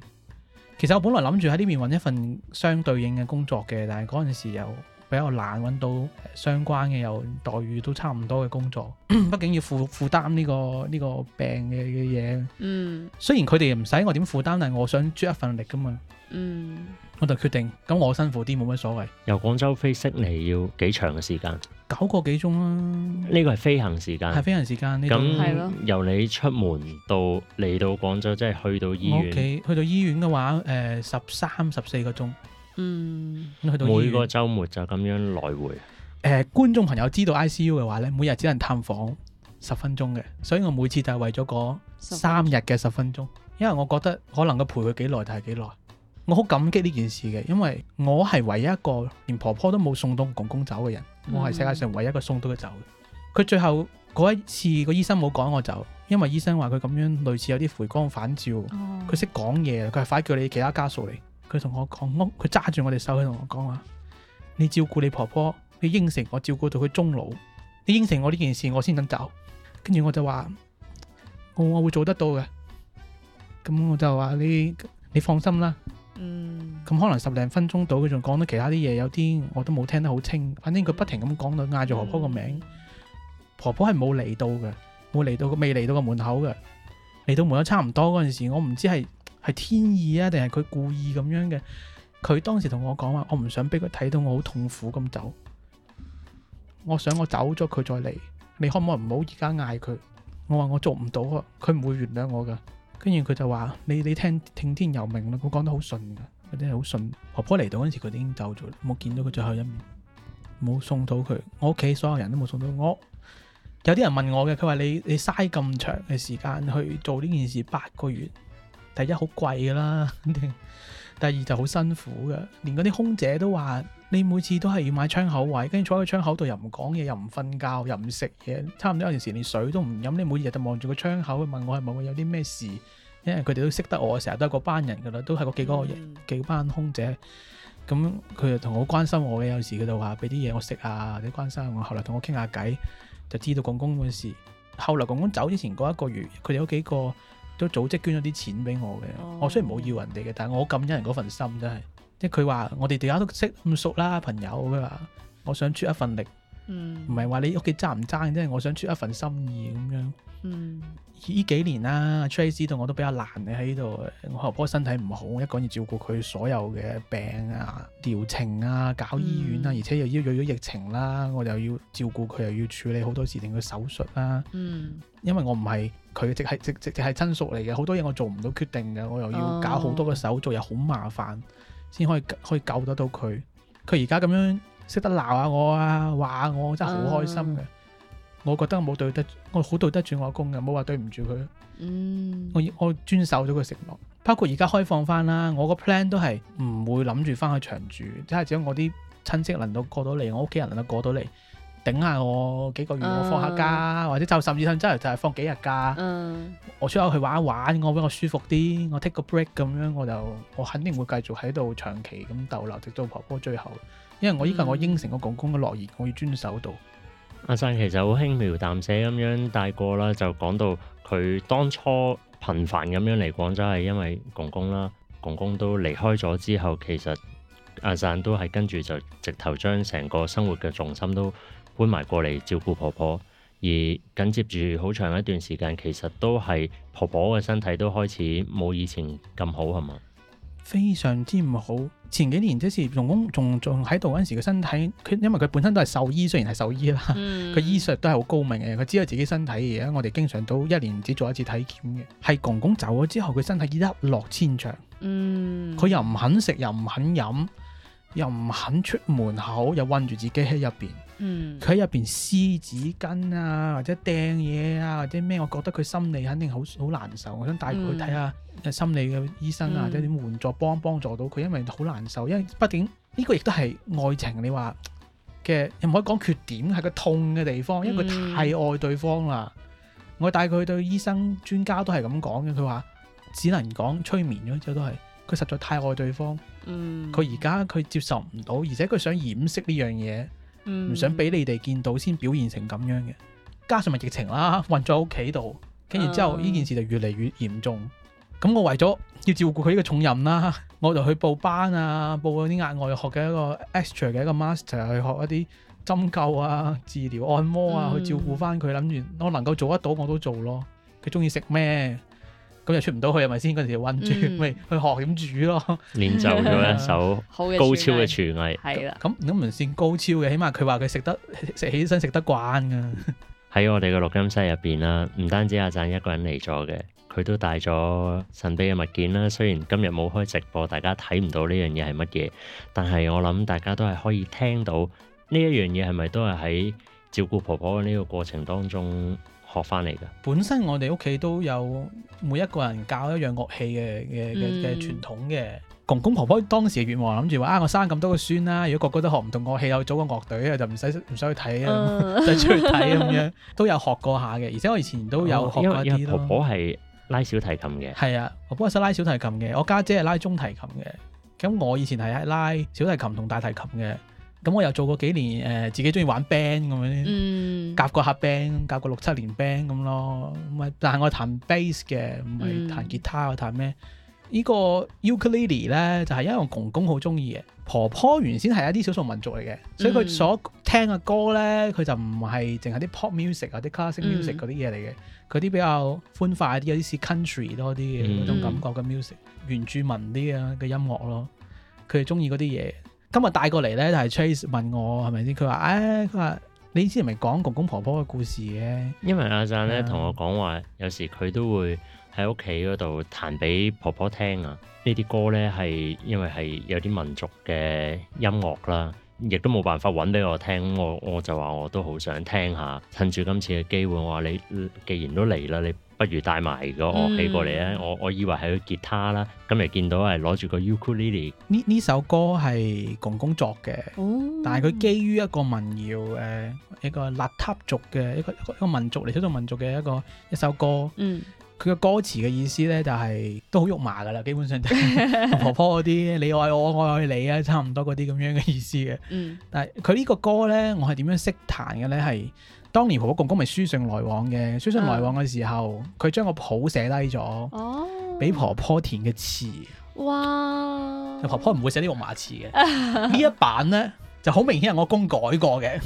其實我本來諗住喺呢邊揾一份相對應嘅工作嘅，但係嗰陣時有，比較難揾到相關嘅又待遇都差唔多嘅工作。 畢竟要負、負擔呢個呢個病嘅嘅嘢。嗯，雖然佢哋唔使我點負擔，但係我想出一份力噶嘛。嗯，我就決定，咁我辛苦啲冇乜所謂。由廣州飛悉尼要幾長嘅時間？九個幾鐘啦。呢個係飛行時間。係飛行時間。咁係咯。由你出門到嚟到廣州，即係去到醫院。去到醫院嘅話，誒、呃，十三、十四個鐘。嗯，每個周末就咁樣來回。誒、呃，觀眾朋友知道 I C U 嘅話咧，每日只能探訪十分鐘嘅，所以我每次就係為咗嗰三日嘅十分鐘，因為我覺得可能佢陪佢幾耐就係幾耐，我好感激呢件事嘅，因為我係唯一一個連婆婆都冇送到公公走嘅人，嗯、我係世界上唯一一個送到佢走嘅。佢最後嗰一次，個醫生冇趕我走，因為醫生話佢咁樣類似有啲回光返照，佢識講嘢，佢係快叫你其他家屬嚟。佢同我講，佢揸住我哋手，佢同我講話：你照顧你婆婆，你應承我照顧到佢終老，你應承我呢件事，我先肯走。跟住我就話我、哦、我會做得到嘅，咁我就話你你放心啦。嗯。咁可能十零分鐘到，佢仲講咗其他啲嘢，有啲我都冇聽得好清。反正佢不停咁講到嗌住婆婆個名，嗯、婆婆係冇嚟到嘅，冇嚟到個未嚟到個門口嘅，嚟到門口差唔多嗰陣時，我唔知係。係天意啊，定係佢故意咁樣嘅？佢當時同我講話，我唔想俾佢睇到我好痛苦咁走。我想我走咗佢再嚟，你可唔可以唔好而家嗌佢？我話我做唔到啊，佢唔會原諒我嘅。跟住佢就話：你你聽聽天由命啦。佢講得好順嘅，嗰啲係好順。婆婆嚟到嗰陣時，佢已經走咗，冇見到佢最後一面，冇送到佢。我屋企所有人都冇送到。我有啲人問我嘅，佢話你你嘥咁長嘅時間去做呢件事八個月。第一好貴噶啦，肯定。第二就好辛苦嘅，連嗰啲空姐都話：你每次都係要買窗口位，跟住坐喺個窗口度又唔講嘢，又唔瞓覺，又唔食嘢，差唔多有陣時連水都唔飲。你每日就望住個窗口問我係咪會有啲咩事，因為佢哋都識得我，成日都係嗰班人噶啦，都係嗰幾個、嗯、幾班空姐。咁佢就同我關心我嘅，有時佢就話俾啲嘢我食啊，或者關心我。後來同我傾下偈，就知道公公嘅事。後來公公走之前嗰一個月，佢哋有幾個，都組織捐咗啲錢俾我嘅，oh. 我雖然冇要，要人哋嘅，但係我咁恩人嗰份心真、就、係、是，即係佢話我哋大家都識咁熟啦，朋友佢話，我想出一份力，唔係話你屋企爭唔爭，即係我想出一份心意咁樣。呢依、mm. 幾年啦、啊、Trace 知道我都比較難嘅喺呢度，我婆婆身體唔好，我一個人照顧佢所有嘅病啊、療程啊、搞醫院啊，mm. 而且又要遇咗疫情啦、啊，我又要照顧佢，又要處理好多事情。佢手術啦、啊，mm. 因為我唔係。佢直係直直直係親屬嚟嘅，好多嘢我做唔到決定嘅，我又要搞好多個手續，又好麻煩，先、哦、可以可以救得到佢。佢而家咁樣識得鬧下我啊，話我真係好開心嘅。哦、我覺得冇對得，我好對得住我阿公嘅，冇話對唔住佢。嗯，我我遵守咗佢承諾，包括而家開放翻啦，我個 plan 都係唔會諗住翻去長住，即係只要我啲親戚能夠過到嚟，我屋企人能夠過到嚟。頂下我幾個月，我放下假，嗯、或者就甚至乎真係就係放幾日假。嗯、我出去去玩一玩，我俾我舒服啲，我 take 個 break 咁樣，我就我肯定會繼續喺度長期咁逗留，直到婆婆最後。因為我依家我應承個公公嘅諾言，嗯、我要遵守到。阿贊其實好輕描淡寫咁樣帶過啦，就講到佢當初頻繁咁樣嚟廣州係因為公公啦。公公都離開咗之後，其實阿贊都係跟住就直頭將成個生活嘅重心都搬埋過嚟照顧婆婆，而緊接住好長一段時間，其實都係婆婆嘅身體都開始冇以前咁好，係嘛？非常之唔好。前幾年即使公公仲仲喺度嗰陣時，佢身體，佢因為佢本身都係獸醫，雖然係獸醫啦，佢醫術都係好高明嘅，佢知道自己身體嘅。我哋經常都一年只做一次體檢嘅。係公公走咗之後，佢身體一落千丈。嗯，佢又唔肯食，又唔肯飲，又唔肯出門口，又困住自己喺入邊。嗯，佢喺入邊撕紙巾啊，或者掟嘢啊，或者咩？我覺得佢心理肯定好好難受。我想帶佢去睇下心理嘅醫生啊，嗯、或者點援助幫幫助到佢，因為好難受。因為畢竟呢個亦都係愛情，你話嘅又唔可以講缺點，係個痛嘅地方，因為佢太愛對方啦。嗯、我帶佢去對醫生專家都係咁講嘅，佢話只能講催眠咗之後都係，佢實在太愛對方。佢而家佢接受唔到，而且佢想掩飾呢樣嘢。唔、嗯、想俾你哋見到先表現成咁樣嘅，加上咪疫情啦，混咗屋企度，跟住之後呢件事就越嚟越嚴重。咁、嗯、我為咗要照顧佢呢個重任啦、啊，我就去報班啊，報嗰啲額外學嘅一個 extra 嘅一個 master 去學一啲針灸啊、治療按摩啊，去照顧返佢。諗住我能夠做得到我都做咯，佢中意食咩？咁又出唔到去係咪先？嗰陣、嗯、 就溫住，咪去學點煮咯，練就咗一手高超嘅廚藝。係啦， 咁都唔算高超嘅，起碼佢話佢食得食起身食得慣㗎。喺 我哋嘅錄音室入邊啦，唔單止阿贊一個人嚟咗嘅，佢都帶咗神秘嘅物件啦。雖然今日冇開直播，大家睇唔到呢樣嘢係乜嘢，但係我諗大家都係可以聽到呢一樣嘢係咪都係喺照顧婆婆嘅呢個過程當中。學翻嚟噶，本身我哋屋企都有每一個人教一樣樂器嘅嘅嘅傳統嘅。公公婆婆當時願望諗住話，啊，我生咁多個孫啦，如果個個都學唔同樂器，有組個樂隊就唔使唔使去睇，就出去睇咁樣，都有學過下嘅。而且我以前都有學過一啲、哦、因為婆婆係拉小提琴嘅，係啊，婆婆係拉小提琴嘅，我家姐係拉中提琴嘅，咁我以前係拉小提琴同大提琴嘅。咁我又做過幾年誒、呃，自己中意玩 band 咁樣，嗯、夾過下 band，夾過六七年 band 咁咯。咪但係我彈 bass 嘅，唔係彈吉他，嗯、我彈咩？這個、呢個 ukulele 咧，就係、是、因為我公公好中意嘅。婆婆原先係一啲少數民族嚟嘅，所以佢所聽嘅歌咧，佢就唔係淨係啲 pop music 啊、嗯、啲 classic music 嗰啲嘢嚟嘅，佢啲比較歡快啲、有啲似 country 多啲嘅嗰種感覺嘅 music，原住民啲啊嘅音樂咯，佢哋中意嗰啲嘢。今日帶過嚟咧，就係 Trace 問我係咪先？佢話，唉，佢話你之前咪講公公婆婆嘅故事嘅，因為阿贊咧同我講話有時佢都會喺屋企嗰度彈俾婆婆聽啊。呢啲歌咧係因為係有啲民族嘅音樂啦，亦都冇辦法揾俾我聽。我我就話我都好想聽下，趁住今次嘅機會，我話你既然都嚟啦，你。不如帶埋個樂器過嚟咧，嗯、我我以為係個吉他啦，今日見到係攞住個 ukulele。呢呢首歌係公公作嘅，嗯、但係佢基於一個民謠，誒、呃、一個納塔族嘅一個一個民族嚟，叫做民族嘅一個一首歌。嗯，佢嘅歌詞嘅意思咧、就係，就係都好肉麻噶啦，基本上就係、 婆婆嗰啲你愛我我愛你啊，差唔多嗰啲咁樣嘅意思嘅。嗯，但係佢呢個歌咧，我係點樣識彈嘅咧？係。當年婆婆公公咪書信來往嘅，書信來往嘅時候，佢將、啊、個譜寫低咗，俾婆婆填嘅詞。哇！婆婆唔會寫呢個馬詞嘅，呢一版咧 就好明顯係我公改過嘅。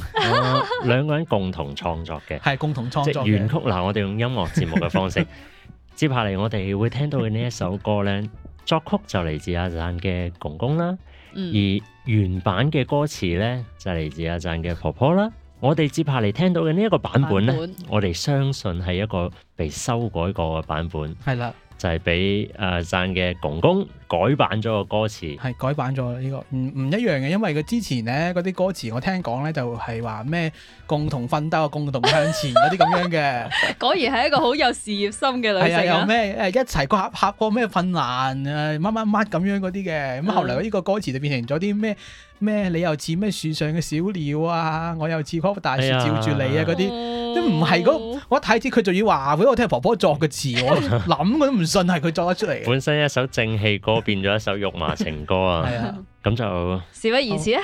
兩個人共同創作嘅，係共同創作。即原曲嗱、 啊，我哋用音樂節目嘅方式， 接下嚟我哋會聽到嘅呢一首歌咧，作曲就嚟自阿讚嘅公公啦，而原版嘅歌詞咧就嚟自阿讚嘅婆婆啦。我哋接下嚟聽到嘅呢一個版本咧，本我哋相信係一個被修改過嘅版本。係啦的，就係俾誒讚嘅公公改版咗個歌詞。係改版咗呢個唔唔一樣嘅，因為佢之前咧嗰啲歌詞，我聽講咧就係話咩共同奮鬥、共同向前嗰啲咁樣嘅。 果然係一個好有事業心嘅女仔。係啊，有咩誒一齊過合過咩困難誒乜乜乜咁樣嗰啲嘅。咁後嚟呢個歌詞就變成咗啲咩？咩？你又似咩樹上嘅小鳥啊？我又似棵大樹照住你啊！嗰啲、哎、呀都唔係、嗰個、我睇住佢仲要話俾我聽婆婆作嘅詞，我諗我都唔信係佢作得出嚟。 本身一首正氣歌變咗一首肉麻情歌啊！咁、哎、呀就事不宜遲啦。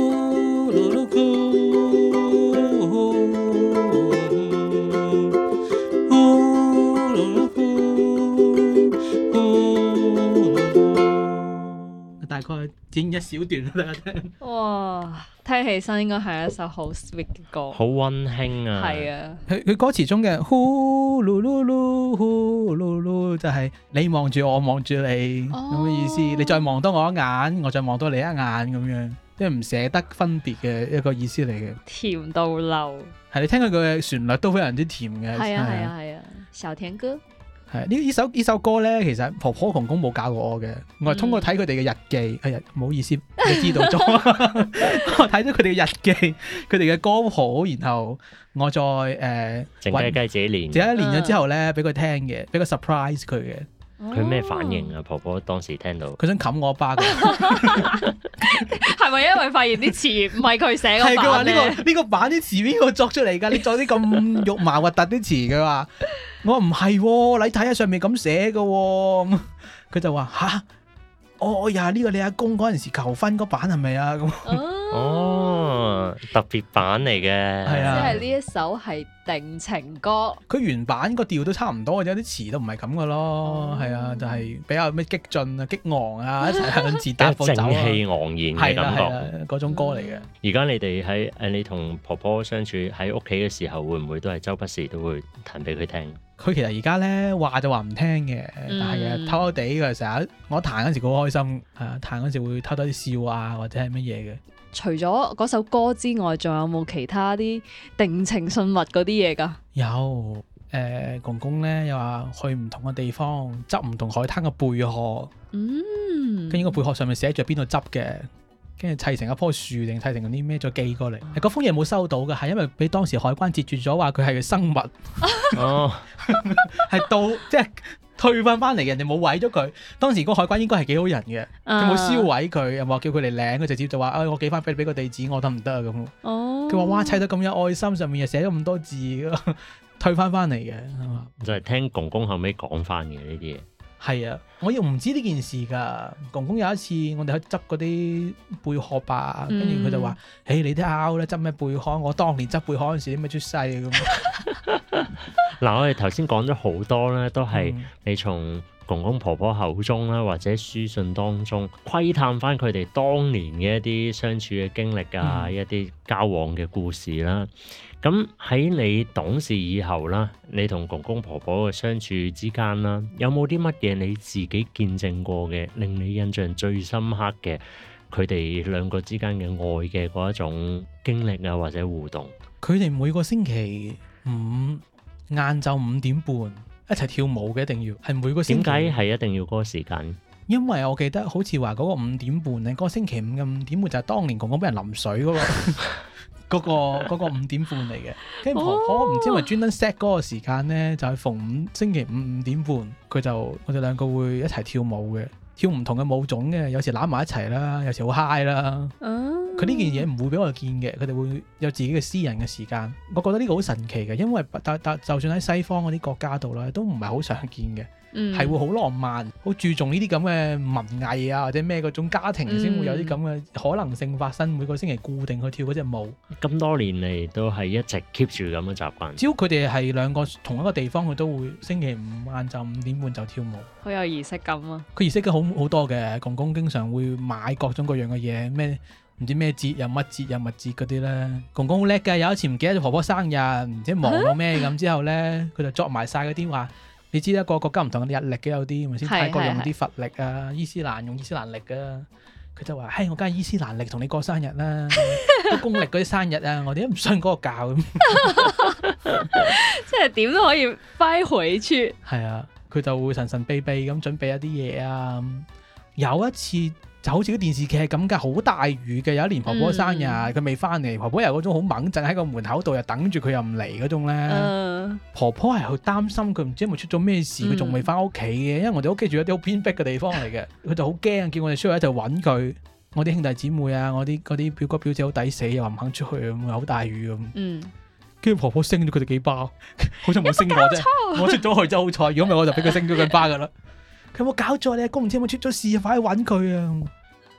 大概剪一小段啦，聽。 哇，聽起身應該係一首好 sweet 嘅歌，好溫馨啊。係啊的，佢佢歌詞中嘅呼嚕嚕嚕呼嚕嚕，嚕，嚕，嚕，嚕嚕，就係、是、你望住我望住你咁嘅、哦、意思，你再望多我一眼，我再望多你一眼咁樣，即係唔捨得分別嘅一個意思嚟嘅。甜到漏，係你聽佢嘅旋律都非常之甜嘅。係啊係啊係啊，小甜歌。係呢，呢首呢首歌咧，其實婆婆同公冇教過我嘅，我係通過睇佢哋嘅日記。哎呀，唔好意思，你知道咗，我睇咗佢哋嘅日記，佢哋嘅歌譜，然後我再誒靜雞雞自己練，自己練咗之後咧，俾佢聽嘅，俾個 surprise 佢嘅。佢咩反應啊？婆婆當時聽到，佢想冚我巴嘅。係咪因為發現啲詞唔係佢寫？係佢話呢個呢個版啲詞邊個作出嚟㗎？你作啲咁肉麻核突啲詞佢話？我唔係、哦，你睇下上面咁寫嘅、哦，佢 就話吓，哦、哎、呀，呢、呢個你阿公嗰陣時求婚嗰版係咪啊？ 哦，特別版嚟嘅，係啊，即係呢一首係定情歌。佢原版個調都差唔多，有啲詞都唔係咁嘅咯，係、嗯、啊，就係、是、比較咩激進啊、激昂啊，一齊向自打火走、啊， 正氣昂然嘅感覺，嗰、啊啊啊、種歌嚟嘅。而家、嗯、你哋喺誒你同婆婆相處喺屋企嘅時候，會唔會都係周不時都會彈俾佢聽？佢其實而家咧話就話唔聽嘅，但係偷偷地嘅成日我彈嗰時好開心，誒、啊、彈嗰時會偷偷啲笑啊，或者係乜嘢嘅。除咗嗰首歌之外，仲有冇其他啲定情信物嗰啲嘢噶？有誒、呃，公公咧又話去唔同嘅地方執唔同海灘嘅貝殼，嗯，跟住個貝殼上面寫住邊度執嘅。跟住砌成一棵樹，定砌成啲咩，再寄過嚟。嗰、嗯、封嘢冇收到嘅，係因為俾當時海關截住咗，話佢係生物。 哦，係 到即係退翻翻嚟，人哋冇毀咗佢。當時嗰個海關應該係幾好人嘅，佢冇燒毀佢，又冇叫佢嚟領，佢直接就話：，誒、哎，我寄翻俾你俾個地址我得唔得啊？咁。哦。佢話：，哇，砌得咁有愛心，上面又寫咗咁多字， 退翻翻嚟嘅。就係聽公公，公後尾講翻嘅呢啲。係啊，我又唔知呢件事噶。公公有一次，我哋去執嗰啲貝殼吧，跟住佢就話：，誒、嗯，hey, 你啲阿 O 咧執咩貝殼？我當年執貝殼嗰陣時，點咩出世啊咁。嗱，我哋頭先講咗好多咧，都係你從公公婆婆，婆口中啦，或者書信當中窺探翻佢哋當年嘅一啲相處嘅經歷啊，嗯、一啲交往嘅故事啦。咁喺你懂事以後啦，你同公公婆婆嘅相處之間啦，有冇啲乜嘢你自己見證過嘅，令你印象最深刻嘅？佢哋兩個之間嘅愛嘅嗰一種經歷啊，或者互動？佢哋每個星期五晏晝五點半一齊跳舞嘅，一定要係每個星期五，點解係一定要嗰個時間？因為我記得好似話嗰個五點半啊，嗰個星期五嘅五點半就係當年公公俾人淋水嗰個。 嗰、 那個五、那個、點半嚟嘅，跟住婆婆唔、oh. 知咪專登 set 嗰個時間呢，就係、是、逢五星期五五點半，佢就我哋兩個會一齊跳舞嘅，跳唔同嘅舞種嘅，有時攬埋一齊啦，有時好嗨啦。Uh. 佢呢、嗯、件嘢唔會俾我哋見嘅，佢哋會有自己嘅私人嘅時間。我覺得呢個好神奇嘅，因為就算喺西方嗰啲國家度咧，都唔係好常見嘅，係、嗯、會好浪漫，好注重呢啲咁嘅文藝啊，或者咩嗰種家庭先會有啲咁嘅可能性發生。嗯、每個星期固定去跳嗰隻舞，咁多年嚟都係一直 keep 住咁嘅習慣。只要佢哋係兩個同一個地方，佢都會星期五晏晝五點半就跳舞，好有儀式感啊！佢儀式感好好，好多嘅，公，公公經常會買各種各樣嘅嘢咩？唔知咩節，又乜節，又乜節嗰啲咧。公公好叻嘅，有一次唔記得咗婆婆生日，唔知忙到咩咁。啊、之後咧，佢就作埋晒嗰啲話，你知啦，各個國家唔同嘅日曆嘅有啲，咪先。泰國用啲佛歷啊，伊斯蘭用伊斯蘭歷嘅、啊。佢就話：，嘿，我梗係伊斯蘭歷同你過生日啦、啊， 公歷嗰啲生日啊，我哋都唔信嗰個教咁、啊。即係點都可以飛回去。係啊，佢就會神神秘秘咁準備一啲嘢啊。有一次。就好似個電視劇係咁嘅，好大雨嘅。有一年婆婆生日，佢未翻嚟，婆婆又嗰種好猛震喺個門口度，又等住佢又唔嚟嗰種咧。呃、婆婆係好擔心佢，唔知係咪出咗咩事，佢仲未翻屋企嘅。嗯、因為我哋屋企住一啲好偏僻嘅地方嚟嘅，佢、嗯、就好驚，叫我哋出去一齊揾佢。我啲兄弟姊妹啊，我啲嗰啲表哥表姐好抵死，又話唔肯出去，咁好大雨咁。跟住、嗯、婆婆升咗佢哋幾包， 好似冇升過啫。有有我出咗去，真係好彩，如果唔係我就俾佢升咗佢包噶啦。佢有冇搞錯咧？公唔知有冇出咗事，快去揾佢啊！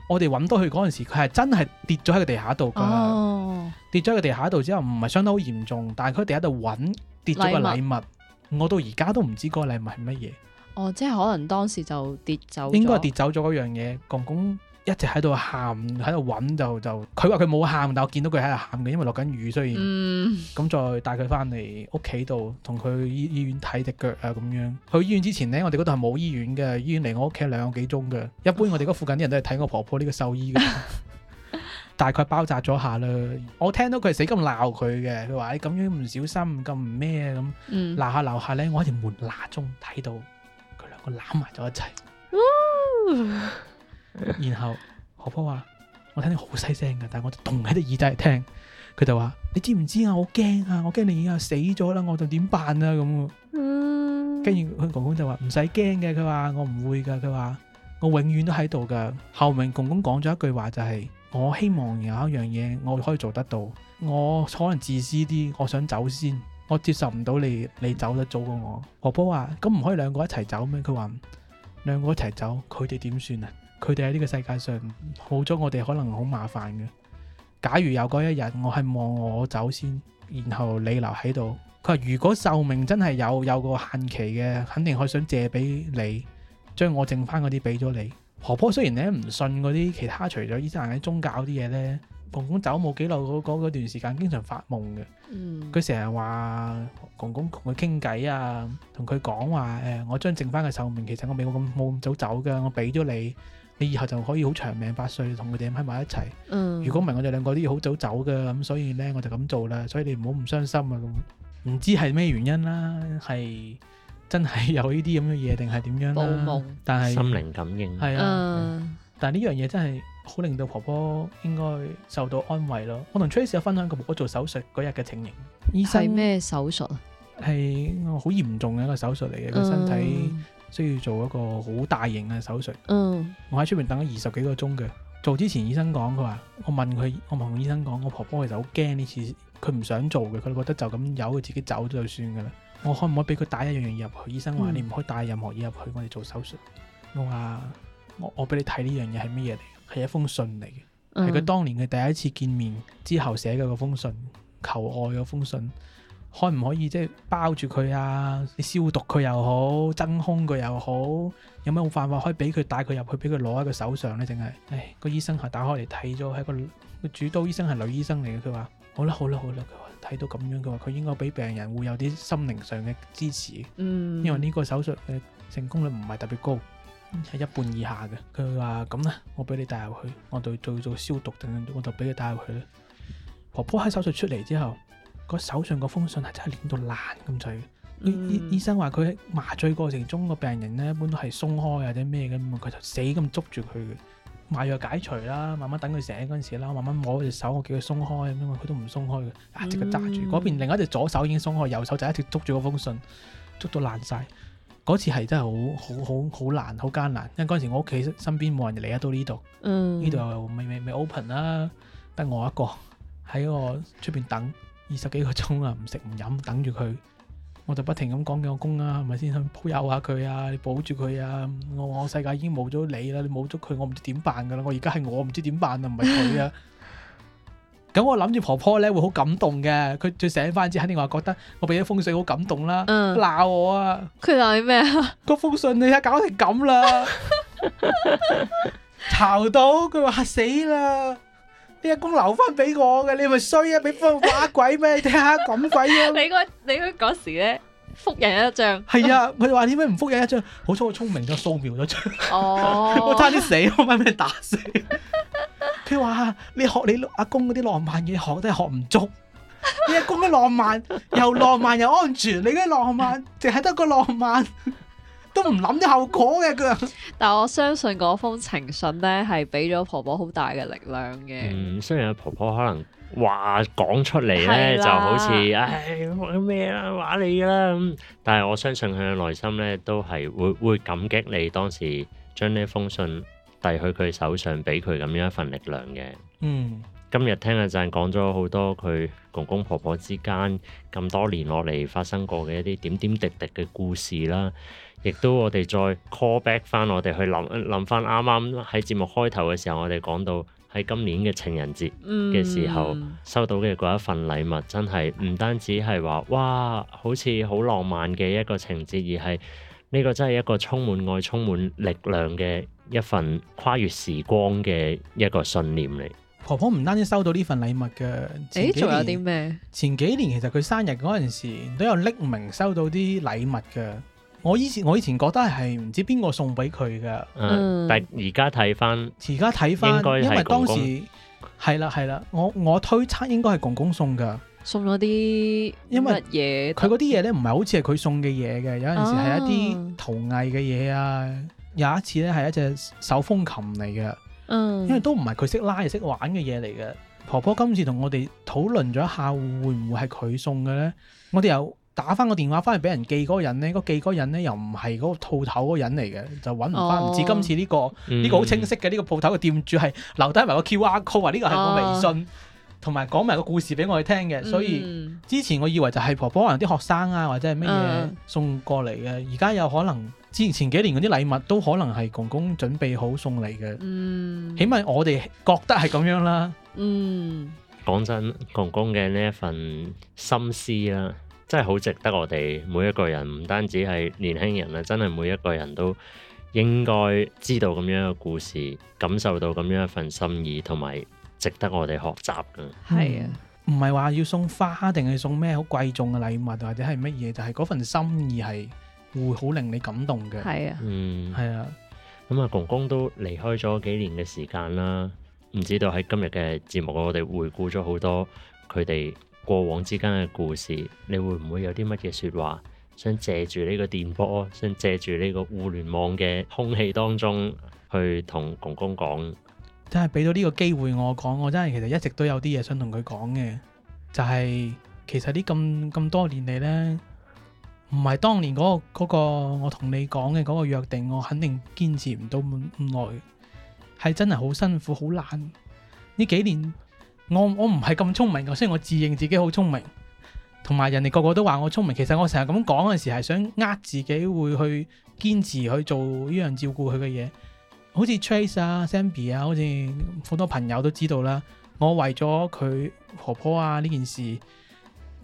我哋揾到佢嗰陣時，佢係真係跌咗喺個地下度噶。哦、跌咗喺個地下度之後，唔係傷得好嚴重，但係佢哋喺度揾跌咗物個禮物，我到而家都唔知嗰個禮物係乜嘢。哦，即係可能當時就跌走就應該跌走咗嗰樣嘢，公公。一直喺度喊，喺度揾就就，佢話佢冇喊，但我見到佢喺度喊嘅。因為落緊雨，所以咁再帶佢翻嚟屋企度，同佢去醫醫院睇隻腳啊咁樣。去醫院之前呢，我哋嗰度係冇醫院嘅，醫院離我屋企兩個幾鐘嘅。一般我哋嗰附近啲人都係睇我婆婆呢個獸醫嘅。哦、 大概包紮咗下啦，我聽到佢係死咁鬧佢嘅，佢話誒咁樣唔小心咁唔咩咁，鬧下鬧下呢，我喺條門罅中睇到佢兩個攬埋咗一齊。嗯然後婆婆話我聽到好細聲噶，但係我就動喺啲耳仔嚟聽。佢就話你知唔知啊？我驚啊！我驚你已經死咗啦，我就點辦啊？咁，跟住佢公公就話唔使驚嘅，佢話我唔會噶，佢話我永遠都喺度噶。後邊公公講咗一句話就係、是、我希望有一樣嘢我可以做得到，我可能自私啲，我想走先，我接受唔到你你走得早過我。婆婆話咁唔可以兩個一齊走咩？佢話兩個一齊走，佢哋點算啊？佢哋喺呢個世界上好咗，我哋可能好麻煩嘅。假如有嗰一日，我希望我走先，然後你留喺度。佢話：如果壽命真係有有個限期嘅，肯定可以想借俾你，將我剩翻嗰啲俾咗你。婆婆雖然咧唔信嗰啲其他，除咗伊斯蘭喺宗教啲嘢呢，公公走冇幾耐嗰段時間，經常發夢嘅。嗯，佢成日話公公同佢傾偈啊，同佢講話誒，我將剩翻嘅壽命，其實我未我咁冇咁早走嘅，我俾咗你。你以後就可以好長命百歲，同佢哋喺埋一齊。嗯，如果唔係，我哋兩個都要好早走嘅，咁所以咧，我就咁做啦。所以你唔好唔傷心啊！唔知係咩原因啦，係真係有呢啲咁嘅嘢定係點樣？霧夢，夢但係是心靈感應。係啊，嗯、但係呢樣嘢真係好令到婆婆應該受到安慰咯。我同 Trace 有分享過婆婆做手術嗰日嘅情形。醫生咩手術啊？係好嚴重嘅一個手術嚟嘅，個身體。嗯需要做一個好大型嘅手術。嗯，我喺出面等咗二十幾個鐘嘅。做之前，醫生講佢話，我問佢，我咪同醫生講，我婆婆其係其實好驚呢次，佢唔想做嘅，佢覺得就咁由佢自己走咗就算嘅啦。我，我可唔可以俾佢帶一樣嘢入去？嗯、醫生話你唔可以帶任何嘢入去，我哋做手術。我話，我我俾你睇呢樣嘢係咩嘢嚟？係一封信嚟嘅，係佢、嗯、當年嘅第一次見面之後寫嘅嗰封信，求愛嗰封信。可唔可以即係、就是、包住佢啊？你消毒佢又好，真空佢又好，有咩好辦法可以俾佢帶佢入去，俾佢攞喺佢手上呢？淨係，唉，嗰個醫生係打開嚟睇咗，係個主刀醫生係女醫生嚟嘅。佢話：好啦，好啦，好啦。佢話睇到咁樣，佢話佢應該俾病人會有啲心靈上嘅支持。嗯，因為呢個手術嘅、呃、成功率唔係特別高，係一半以下嘅。佢話：咁呢，我俾你帶入去，我就做做消毒，等，我就俾佢帶入去啦。婆婆喺手術出嚟之後，個手上個封信係真係攣到爛咁滯。啲醫、嗯、醫生話佢喺麻醉過程中個病人咧，一般都係鬆開或者咩咁，佢就死咁捉住佢嘅。麻藥解除啦，慢慢等佢醒嗰陣時啦，慢慢摸佢隻手，我叫佢鬆開咁，佢都唔鬆開嘅嗱，即刻揸住嗰、嗯、邊另一隻左手已經鬆開，右手就一直捉住嗰封信捉到爛晒。嗰次係真係好好好好，好難好艱難，因為嗰陣時我屋企身邊冇人嚟得到呢度，呢度、嗯、又未未未 open 啦、啊，得我一個喺我出邊等。二十幾個鐘啊，唔食唔飲，等住佢，我就不停咁講緊我公啊，係咪先去抱下佢啊，你保住佢啊！我我世界已經冇咗你啦，你冇咗佢，我唔知點辦噶啦！我而家係我唔知點辦啊，唔係佢啊！咁我諗住婆婆咧會好感動嘅，佢最醒翻之後，肯定我係覺得我俾一封信好感動啦，鬧、嗯、我啊！佢鬧你咩啊？嗰封信你睇搞成咁啦！吵 到佢話嚇死啦！你阿公留翻俾我嘅，你咪衰、嗯、啊！俾方法鬼咩？聽下咁鬼樣。你個你嗰時咧複印一張。係啊，佢話點解唔複印一張？好彩我聰明，就掃描咗張。哦。 我差啲死，我媽咪打死。佢話： 你學你阿公嗰啲浪漫嘢，學都係學唔足。 你阿公嘅浪漫又浪漫又安全，你嘅浪漫淨係得個浪漫。.都唔諗啲後果嘅佢， 但我相信嗰封情信咧係俾咗婆婆好大嘅力量嘅。嗯，雖然婆婆可能話講出嚟咧的就好似唉咩啦話你啦咁，但係我相信佢嘅內心咧都係會會感激你當時將呢封信遞去佢手上，俾佢咁樣一份力量嘅。嗯，今日聽阿贊講咗好多佢公公婆婆，婆之間咁多年落嚟發生過嘅一啲點點滴滴嘅故事啦。亦都我哋再 call back 翻，我哋去諗諗翻啱啱喺節目開頭嘅時候，我哋講到喺今年嘅情人節嘅時候、嗯、收到嘅嗰一份禮物，真係唔單止係話哇，好似好浪漫嘅一個情節，而係呢個真係一個充滿愛、充滿力量嘅一份跨越時光嘅一個信念嚟。婆婆唔單止收到呢份禮物嘅，誒，仲、哎、有啲咩？前幾年其實佢生日嗰陣時都有匿名收到啲禮物嘅。我以前我以前覺得係唔知邊個送俾佢嘅，嗯、但而家睇翻，而家睇翻，因為當時係啦係啦，我我推測應該係公公送噶，送咗啲乜嘢？佢嗰啲嘢咧，唔係好似係佢送嘅嘢嘅，有陣時係一啲陶藝嘅嘢啊，啊有一次咧係一隻手風琴嚟嘅，嗯、因為都唔係佢識拉又識玩嘅嘢嚟嘅。婆婆今次同我哋討論咗一下，會唔會係佢送嘅咧？我哋有。打翻個電話翻嚟，俾人寄嗰人呢嗰、嗰個、寄嗰人呢又唔係嗰個鋪頭嗰人嚟嘅，就揾唔翻。唔知、oh. 今次呢、呢個呢、呢個好清晰嘅呢、mm. 個鋪頭嘅店主係留低埋個 QR code，呢個係個微信，同埋講埋個故事俾我哋聽嘅。所以、mm. 之前我以為就係婆婆可能啲學生啊或者係乜嘢送過嚟嘅，而家有可能之前前幾年嗰啲禮物都可能係公公準備好送嚟嘅。Mm. 起碼我哋覺得係咁樣啦。嗯，講真，公公嘅呢一份心思啦、啊。真係好值得我哋每一個人，唔單止係年輕人咧，真係每一個人都應該知道咁樣嘅故事，感受到咁樣一份心意，同埋值得我哋學習嘅。係啊，唔係話要送花定係送咩好貴重嘅禮物，或者係乜嘢，就係嗰份心意係會好令你感動嘅。係啊，嗯，係啊。咁啊、嗯，公公都離開咗幾年嘅時間啦，唔知道喺今日嘅節目，我哋回顧咗好多佢哋過往之間嘅故事，你會唔會有啲乜嘢說話？想借住呢個電波，想借住呢個互聯網嘅空氣當中，去同公公講。真係俾到呢個機會我講，我真係其實一直都有啲嘢想同佢講嘅，就係、是、其實呢咁咁多年嚟呢，唔係當年嗰、嗰個、嗰個我同你講嘅嗰個約定，我肯定堅持唔到咁耐，係真係好辛苦好難呢幾年。我我唔係咁聰明嘅，雖然我自認自己好聰明，同埋人哋個個都話我聰明。其實我成日咁講嗰陣時，係想呃自己會去堅持去做呢樣照顧佢嘅嘢。好似 Trace 啊、Sammy 啊，好似好多朋友都知道啦。我為咗佢婆婆啊呢件事，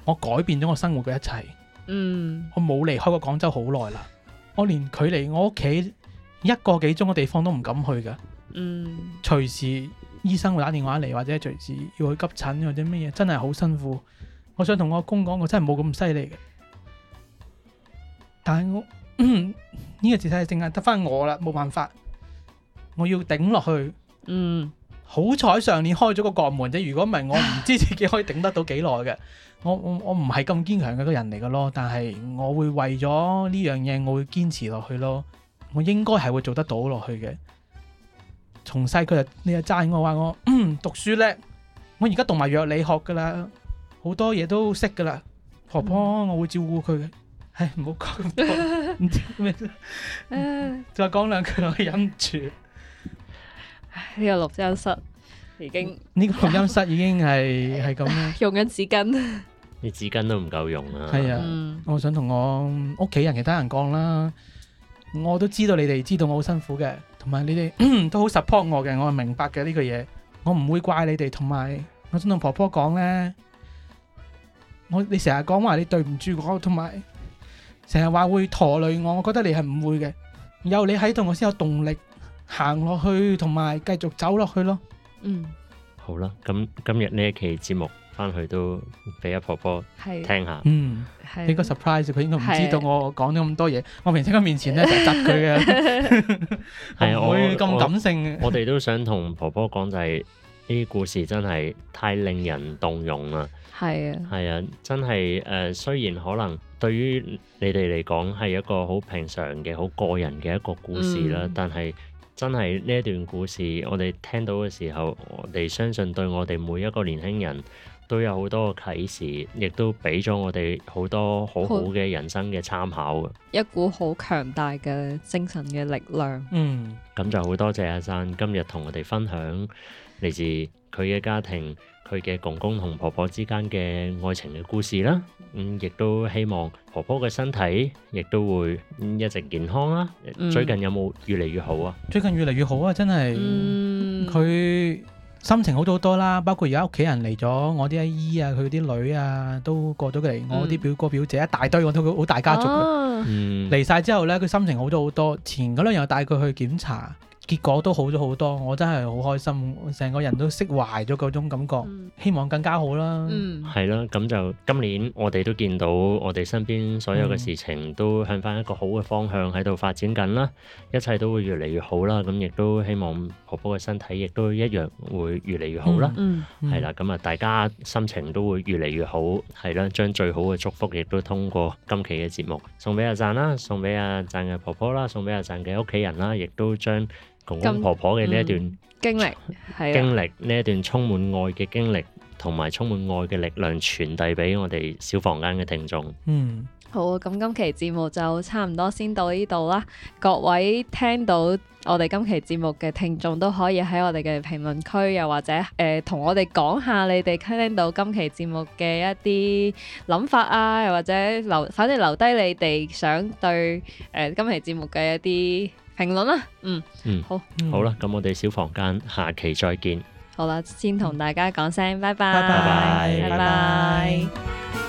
我改變咗我生活嘅一切。嗯，我冇離開過廣州好耐啦。我連距離我屋企一個幾鐘嘅地方都唔敢去㗎。嗯，隨時。醫生會打電話嚟或者隨時要去急診或者咩嘢，真係好辛苦。我想同我阿公講，我真係冇咁犀利嘅。但係我呢、嗯、個時勢淨係得返我啦，冇辦法，我要頂落去。嗯，好彩上年開咗個國門啫，如果唔係我唔知自己可以頂得到幾耐嘅。我我唔係咁堅強嘅一個人嚟嘅咯，但係我會為咗呢樣嘢，我會堅持落去咯。我應該係會做得到落去嘅。從細佢就你又讚我話我嗯，讀書叻，我而家讀埋藥理學噶啦，好多嘢都識噶啦。婆婆，我會照顧佢嘅。唉，唔好講咁多，唔知咩啫。再講兩句我忍唔住。呢個錄音室已經呢個錄音室已經係係咁樣。用緊紙巾，啲紙巾都唔夠用啦。係啊，我想同我屋企人、其他人講啦。我都知道你哋知道我好辛苦嘅。同埋你哋都好 support 我嘅，我係明白嘅，呢個嘢，我唔會怪你哋。同埋我想同婆婆講呢：「我你成日講，話你對唔住我，同埋成日話會拖累我，我覺得你係唔會嘅。有你喺度，我先有動力行落去，同埋繼續走落去咯。嗯，好啦，咁今日呢一期節目。翻去都俾阿婆婆聽下，嗯，應該 surprise 佢，應該唔知道我講咗咁多嘢，我喺佢面前咧就窒佢嘅，係啊，唔會咁感性嘅。我哋都想同婆婆講就係呢啲故事真係太令人動容啦，係啊，係啊，真係誒，雖然可能對於你哋嚟講係一個好平常嘅、好個人嘅一個故事啦，但係真係呢一段故事，我哋聽到嘅時候，我哋相信對我哋每一個年輕人。都有好多嘅啟示，亦都俾咗我哋好多好好嘅人生嘅參考嘅，一股好強大嘅精神嘅力量。嗯，咁就好多謝 Azan 今日同我哋分享嚟自佢嘅家庭，佢嘅公公同婆婆之間嘅愛情嘅故事啦。嗯，亦都希望婆婆嘅身體亦都會一直健康啦、啊。最近有冇越嚟越好啊？嗯、最近越嚟越好啊！真係，佢、嗯。心情好多好多啦，包括而家屋企人嚟咗，我啲阿姨啊，佢啲女啊，都過咗嚟，嗯、我啲表哥表姐一大堆，我都好大家族。嗯、啊，嚟晒之後咧，佢心情好多好多。前嗰兩日帶佢去檢查。結果都好咗好多，我真係好開心，成個人都釋懷咗嗰種感覺，希望更加好啦。係啦，咁就今年我哋都見到我哋身邊所有嘅事情都向翻一個好嘅方向喺度發展緊啦，一切都會越嚟越好啦。咁亦都希望婆婆嘅身體亦都一樣會越嚟越好啦。係啦，咁啊，大家心情都會越嚟越好，係啦，將最好嘅祝福亦都通過今期嘅節目送俾阿贊啦，送俾阿贊嘅婆婆啦，送俾阿贊嘅屋企人啦，亦都將公公婆婆嘅呢一段經歷，經歷呢一段充滿愛嘅經歷，同埋充滿愛嘅力量，傳遞俾我哋小房間嘅聽眾。嗯，好啊，咁今期節目就差唔多先到呢度啦。各位聽到我哋今期節目嘅聽眾，都可以喺我哋嘅評論區，又或者誒，同我哋講下你哋聽到今期節目嘅一啲諗法啊，又或者留，反正留低你哋想對誒今期節目嘅一啲。評論啦，嗯嗯，好，嗯、好啦，咁我哋小房間下期再見，嗯、好啦，先同大家講聲、嗯、拜拜，拜拜，拜拜。拜拜。